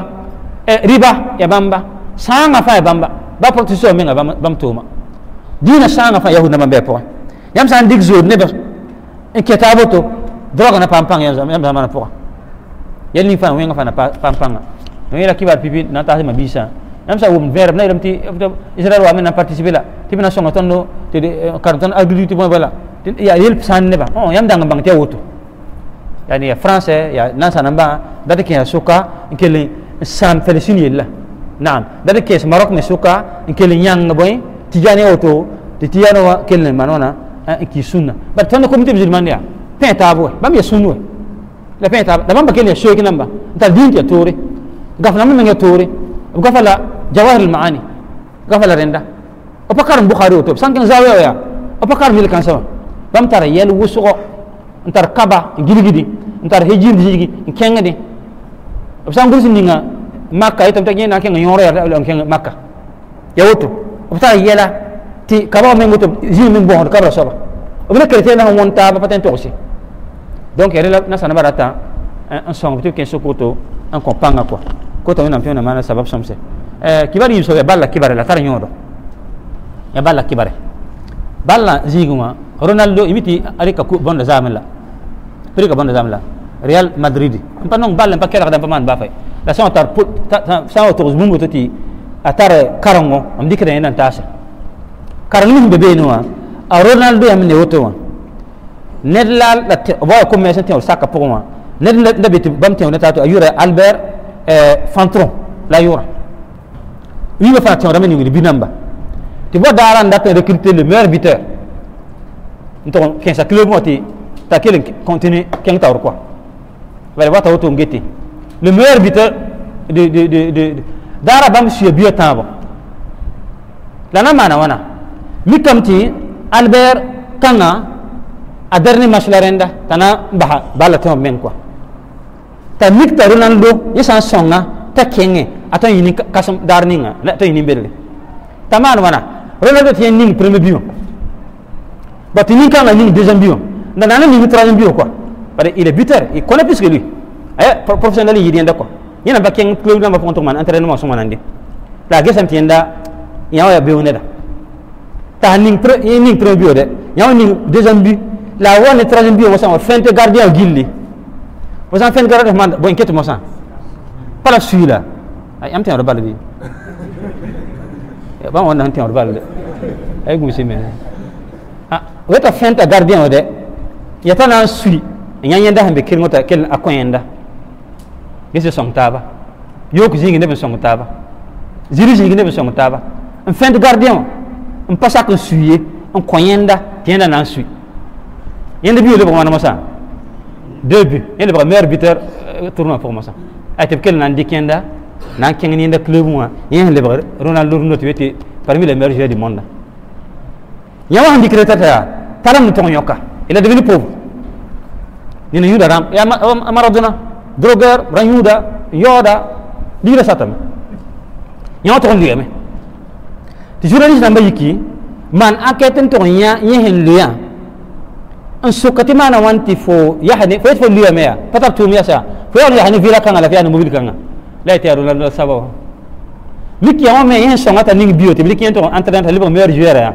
A: eh, riba ya bamba sanga fa ya bamba ba protection ya Bamba, bam tuma dina sanga fa yahuda mambe ya po yam san dig zod ne ba en ketabo to drog na pampang ya yam yam na po yel ni fa wenga fa na pampanga ngi yela kibar pipi na ta ma bisa yam sa wum verb na dum ti israel wa men na participela, la na songa ton no ti eh, karton agriculture bala ya yel san neba oh yam dang bang te woto yani ya français ya nasa namba dada ke suka nkeli sam felisin yella naam dada ke marok ne suka nkeli nyang boy tijane woto ti tijano wa kelne manona ki sunna bat tan ko mitim zulman ya pe tabo bam ya sunno la pe tabo da bam bakel shoy kinamba ta din ya tore gafna men ya tore gafala jawahir al maani gafala renda opakar bukhari woto sankin zawiya ya opakar mil kan sama bam tara yɛl wʋsgɔ n tar kaba n gilgdi n tar hijiimd zĩigi n kẽngde b sã n gʋls ninga maka yetɩ b ta yẽna n kẽng yõor yaa kẽng maka ya woto b yɛla tɩ kaba me woto zĩig me bõosd kabra soaba b la kretɛn sẽn wõn taaba pa donc rẽ la nansãnbã ratã n sõng b tɩ b kẽ sok woto n kõ pãnga kɔa sabab sõmse kibar yĩmsg ya balla kibare la tar yõodo ya balla kibare balla zĩigẽ ronaldo imiti arika ku bonda zamla prika bonda zamla real madrid pa non balle pa kera pa man ba fay la sa tar sa to zumbu toti atar karango am dikira ina tasa karango mi bebe no a ronaldo am ne woto ned Nedlal la wa ko me sen saka pour moi ned ndabiti bam te on tatu ayura albert eh, fantron la yura wi ba fa ramani binamba ti bo daran da recruter le meilleur buteur ntogon ken kilo ti ta kelen continue ken tawr kwa wala wa taw tum geti le meilleur buteur de de de de dara bam suye biyo tabo lana mana wana mi albert kanga a dernier match la renda tana baha bala taw men kwa ta mik tarunan do yesan songa ta kenge ata yini kasam darninga la ta yini ta mana wana ronaldo tiyen ning premier biyo Batini kan ka ɲini deuxième bi Na na ni ɲini troisième bi quoi parce il est buteur il connaît plus que lui ayi professionnel yiriyɛn dɛ quoi ɲɛna ba kɛn club n'a ma fɔ tɔgɔ ma entraînement sɔn ma la gɛsɛ mi tiɲɛ da yan ya bɛn o ne da ta ni pre i nin premier bi o dɛ yan nin deuxième bi la one ni troisième bi on wasan o fɛn tɛ gardien o gili wasan fɛn gardien o ma bon inquiète moi ça pas la suite là ayi an tɛ yɔrɔ ba la bi ban o na an tɛ yɔrɔ ba la weta fenta gardien o de yata na suri nya nyenda hambe kirngo ta kel akoyenda gese song taba yok zingi ne song taba ziri zingi ne song taba en fenta gardien en passa ko suye en koyenda tienda na sui yenda bi le bwana masa deux buts yenda ba meilleur buteur euh, tournoi pour masa ay tep kel na dikenda nan kengni nda club mo yenda le ba Ronaldo Ronaldo tu parmi les meilleurs joueurs du monde yawa handi kireta ta tara mu ton yoka ila devenu pauvre ni yuda ram ya maradona droger ran yuda yoda dira satam yawa ton liyame ti journalist namba yiki man aketen ton nya nyehen liya an sukati mana wanti fo yahni fo fo liyame ya patar tum ya sa fo yahni vira kanga la fiani mobil kanga la ti aruna la sabo, liki yawa me yehen songata ning biyote liki yento entraîneur libre ya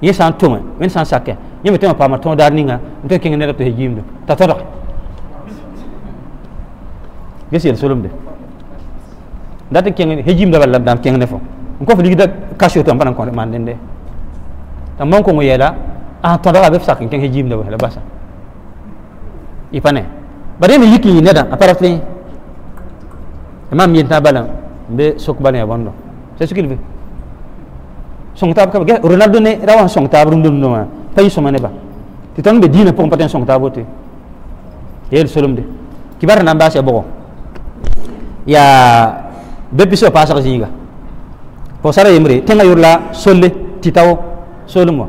A: ye san tuma men san sakke ye metema pama ton dar ninga nte kinga ne to hejimdo ta to dok gesi el solum de ndata kinga hejim da ballam dam kinga ne fo ko fo digida kasho to amban ko man den de tam mon ko mo yela a to dara be sakke kinga hejim da wala basa ipane bare mi yiki ne da aparatli imam yenta balam be sok balam ya bondo c'est ce qu'il veut song tab ka ba ronaldo ne rawa song tab taab rũndum dũmã pa ne ba ti ton be dina pom paten song tab sõng yel solum de ki bar na mbasi ya bʋgɔ yaa be pis wa paasg zĩiga pʋgsara yor la solle ti taw solum wa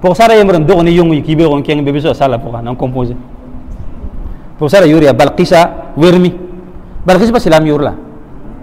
A: po yembre yemre do ni yong ki be n keng be biso sala pʋga compose yor ya, balkisa wermi Balqisa ba silam yor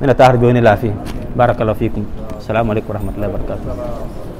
A: mina tahar joni laafi barakallahu fikum assalamu aleykum wa rahmatullahi wa barakatuh